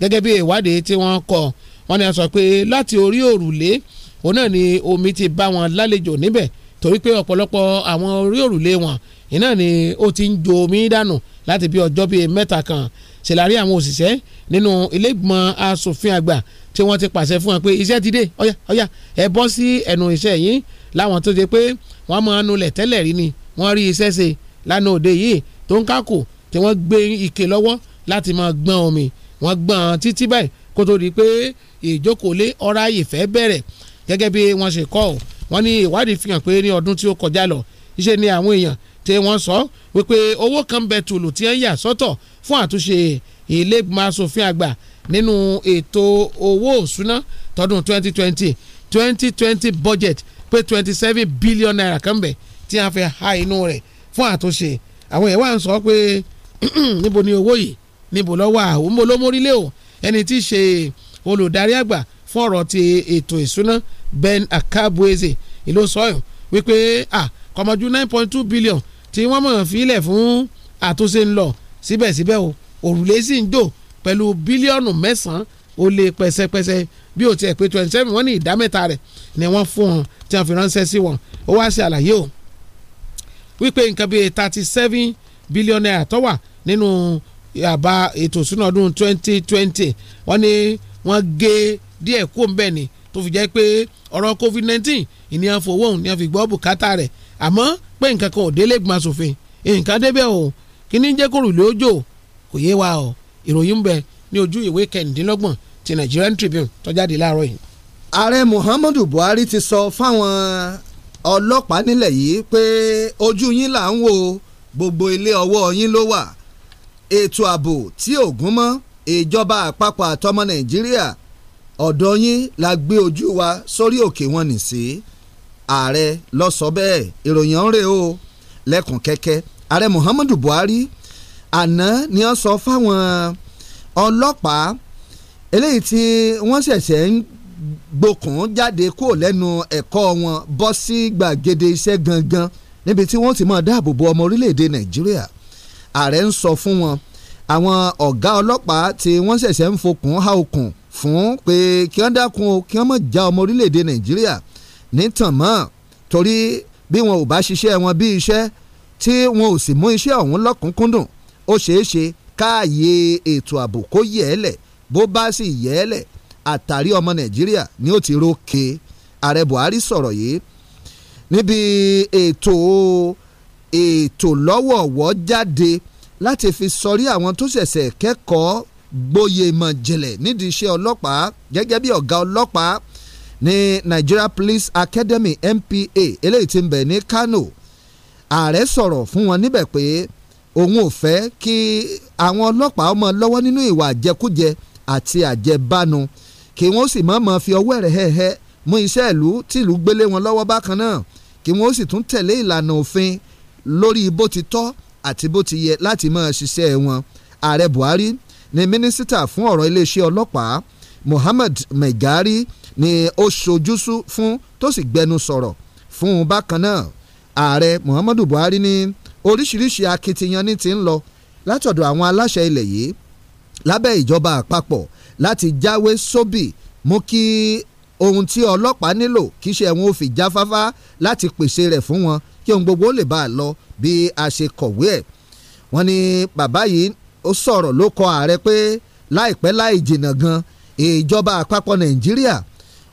gẹ́gẹ́ bí ìwádìí tí wọ́n kọ wọ́n ní a sọ pé láti orí òrùlé òun náà ni omi ti bá wọn lálejò níbẹ̀ torí pé ọ̀pọ̀lọpọ̀ àwọn orí òrùlé wọn iná ni ó ti ń jo omi dànù láti bí ọjọ́ bíi mẹ́ta kan ṣèlérí àwọn òṣìṣẹ́ nínú ilé ìgbìmọ̀ asòfin àgbà tí wọ́n ti pàṣẹ fún wọn pé iṣẹ́ ti dé ọ̀yà ọ̀yà ẹ bọ́ sí ẹnu iṣẹ́ yín láwọn tó ṣe pé wọ́n máa nulẹ̀ tẹ́lẹ̀ rí ni wọ́n rí iṣẹ́ ṣe lánàá òde yìí tó ń kákò tí wọ́n gbé ike lọ́wọ́ láti máa gbọ́n omi wọ́n gbọ́n títí báyìí kó tó di pé ìjókòólé ọ̀rá ìfẹ́ bẹ̀rẹ̀ gẹ́gẹ́ bí wọ́n ṣe kọ́ ọ̀ wọ́n ní ìwádìí fi hàn pé ní ọdún tí ó kọjá lọ iṣẹ́ ni àwọn èèyàn tí wọ́n sọ wípé owó kan bẹ tùlù tí ń yà sọ́tọ̀ fún àtúnṣe ilé ìgbìmọ̀ asòfin àgbà nínú ètò owó òṣúná tọdún 2020 2020 budget pé 27 billion naira kan bẹ̀ tí a fẹ́ ha inú rẹ̀ fún àtúnṣe àwọn yẹn wà ń sọ pé níbo ni owó yìí níbo ló wà àwọn ọmọ olómórílẹ̀ o ẹni tí í ṣe olùdarí àgbà fún ọ̀rọ̀ ti ètò ìṣúná Ben Akabueze ìlú sọ́yọ̀ wípé kọ̀mọ́jú nine point two billion tí wọ́n mọ̀ fílẹ̀ fún àtúnṣe ńlọ síbẹ̀síbẹ̀ o òrùlé sì ń jò pẹ̀lú bílíọ̀nù mẹ́sàn-án ó lé pẹ́sẹ́pẹ́sẹ́ bí ó tiẹ̀ pé twenty seven wọ́n ní ìdá mẹ́ta rẹ̀ ni wọ́n fún wọn tí wọ́n fi ránṣẹ́ sí wọn ó wá ṣe àlàyé o wípé nǹkan bíi thirty seven billion naira tó wà nínú àbá ètò ìsúná ọdún twenty twenty wọ́n ní wọ́n gé díẹ̀ kó ń bẹ̀ ni tó fi jẹ́ pé ọ̀rọ̀ covid nineteen ìníyàn fowó òun ni wọ́n fi gbọ́ bùkátà rẹ̀ àmọ́ pé nǹkan kan ò délé gbọ́n aṣòfin nǹkan débẹ̀ o kí ní jẹ́ kó rùlé ó kò yé wa o ìròyìn ń bẹ ní ojú ìwé kẹrìndínlọ́gbọ̀n ti Nigerian Tribune tó jáde láàárọ̀ yìí. ààrẹ Muhammadu Buhari ti sọ fáwọn ọlọ́pàá nílẹ̀ yìí pé ojú yín là ń wo gbogbo ilé ọwọ́ yín ló wà ètò ààbò tí ò gún mọ́ ìjọba àpapọ̀ àtọmọ Nàìjíríà ọ̀dọ̀ yín la gbé ojú wa sórí òkè wọn nì sí ààrẹ ló sọ bẹ́ẹ̀ ìròyìn ọ̀rẹ́ o lẹ́kùn kẹ́kẹ́ ààrẹ Muhammadu Buhari àná ni wọ́n sọ fáwọn ọlọ́pàá eléyìí tí wọ́n ṣẹ̀ṣẹ̀ ń gbokùn jáde kúrò lẹ́nu ẹ̀kọ́ wọn bọ́ sí gbàgede iṣẹ́ gangan níbi tí wọ́n ti máa dáàbò bo ọmọ orílẹ̀-èdè nàìjíríà ààrẹ ń sọ fún wọn àwọn ọ̀gá ọlọ́pàá tí wọ́n ṣẹ̀ṣẹ̀ ń fokùn há okùn fún pé kí wọ́n dákun o kí wọ́n mọ̀ já ọmọ orílẹ̀-èdè nàìjíríà nítàn mọ́ torí bí wọn ò bá ṣiṣẹ́ wọn bí iṣẹ́ tí wọn ò sì mú iṣẹ́ ọ̀hún lọ́kùnkúndùn ó ṣeé ṣe káàyè ètò ààbò kó yẹ ẹ́ lẹ̀ bó bá sì yẹ ẹ́ lẹ̀ àtàrí ọmọ nàìjíríà ni ó ti rókè ààrẹ buhari sọ̀rọ̀ yìí níbi ètò ètò lọ́wọ̀ọ̀wọ́ jáde láti fi sọrí àwọn tó ṣẹ̀ṣẹ̀ kẹ́kọ̀ọ́ gboyè mọ̀ nídìí iṣẹ́ ọlọ́pàá gẹ́gẹ́ bí ọ̀gá ọlọ́pàá ní Nigeria Police Academy NPA eléyìí tí ń bẹ ní Kano ààrẹ sọ̀rọ̀ fún wọn níbẹ̀ pé òun ò fẹ́ kí àwọn ọlọ́pàá ọmọ lọ́wọ́ nínú ìwà àjẹkújẹ àti àjẹbánu kí wọ́n sì mọ̀ọ́mọ̀ fi ọwọ́ rẹ̀ hẹ́hẹ́ mú iṣẹ́ ìlú tìlú gbélé wọn lọ́wọ́ bákan náà kí wọ́n sì tún tẹ̀lé ìlànà òfin lórí bó ti tọ́ àti bó ti yẹ láti máa ṣiṣẹ́ wọn ààrẹ Buhari ni mínísítà fún ọ̀rọ̀ iléeṣẹ́ ọlọ́pàá Muhammad Megari ni ó ṣojúsú fún tó sì gbẹnu sọ̀rọ̀ fún un bákan náà ààrẹ Muhammadu Buhari Ni oríṣiríṣi akitiyan ní ti ń lọ látọ̀dọ̀ àwọn aláṣẹ ilẹ̀ yìí lábẹ́ ìjọba àpapọ̀ láti jáwé sóbì mú kí ohun tí ọlọ́pàá nílò kí iṣẹ́ wọn ò fi jáfáfá láti pèsè rẹ̀ fún wọn kí ohun gbogbo lè bá a lọ bí a ṣe kọ̀wé ẹ̀ wọ́n ní bàbá yìí ó sọ̀rọ̀ ló kọ ààrẹ pé láìpẹ́ láì jìnnà gan ìjọba àpapọ̀ nàìjíríà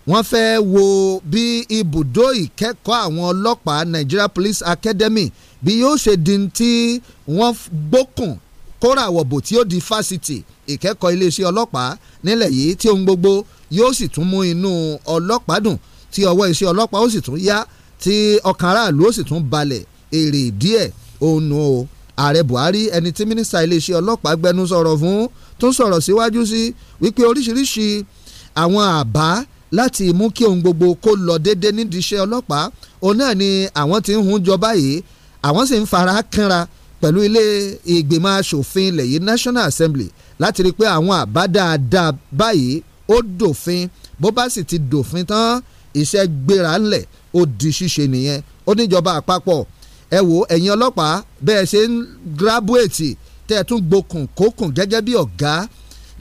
wọ́n fẹ́ wo bí ibùdó ìkẹ́kọ̀ọ́ àwọn ọlọ́pàá Nigeria Police Academy bí yóò ṣe di tí wọ́n gbókùn kóra àwọ̀bò tí ó di fásitì ìkẹ́kọ̀ọ́ iléeṣẹ́ ọlọ́pàá nílẹ̀ yìí tí ohun gbogbo yóò sì tún mú inú ọlọ́pàá dùn tí ọwọ́ iṣẹ́ ọlọ́pàá ó sì tún yá tí ọkàn aráàlú ó sì tún balẹ̀ èrè díẹ̀ òun o ààrẹ Buhari ẹni tí mínísítà iléeṣẹ́ ọlọ́pàá gbẹnu fún tún sọ̀rọ̀ síwájú sí wípé oríṣiríṣi àwọn àbá láti mú kí ohun gbogbo kó lọ déédé nídìí iṣẹ́ ọlọ́pàá òun náà ni àwọn ti ń hun jọba yìí àwọn sì ń fara kínra pẹ̀lú ilé ìgbìmọ̀ asòfin ilẹ̀ yìí National Assembly láti rí i pé àwọn àbá dáadáa báyìí ó dòfin bó bá sì ti dòfin tán iṣẹ́ gbéra ńlẹ̀ ó di ṣíṣe nìyẹn ó níjọba àpapọ̀ ẹ wo ẹ̀yin ọlọ́pàá bẹ́ẹ̀ ṣe ń gírábùẹ̀tì tẹ́ ẹ tún gbokùn kókùn gẹ́gẹ́ bí ọ̀gá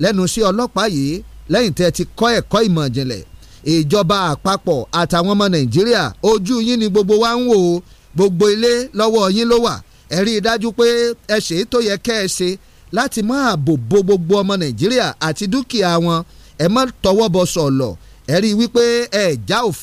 lẹ́nu iṣẹ́ ọlọ́pàá yìí lẹ́yìn tẹ́ ẹ ti kọ́ ẹ̀kọ́ ìmọ̀ ìjìnlẹ̀ ìjọba àpapọ̀ àtàwọn ọmọ nàìjíríà ojú yín ni gbogbo wa ń wò ó gbogbo ilé lọ́wọ́ yín ló wà ẹ rí i dájú pé ẹ ṣe tó yẹ kẹ́ ẹ ṣe láti má ààbò bo gbogbo ọmọ nàìjíríà àti dúkìá wọn ẹ má tọwọ́ bọ sọ̀lọ̀ ẹ rí i wípé ẹ já òfin.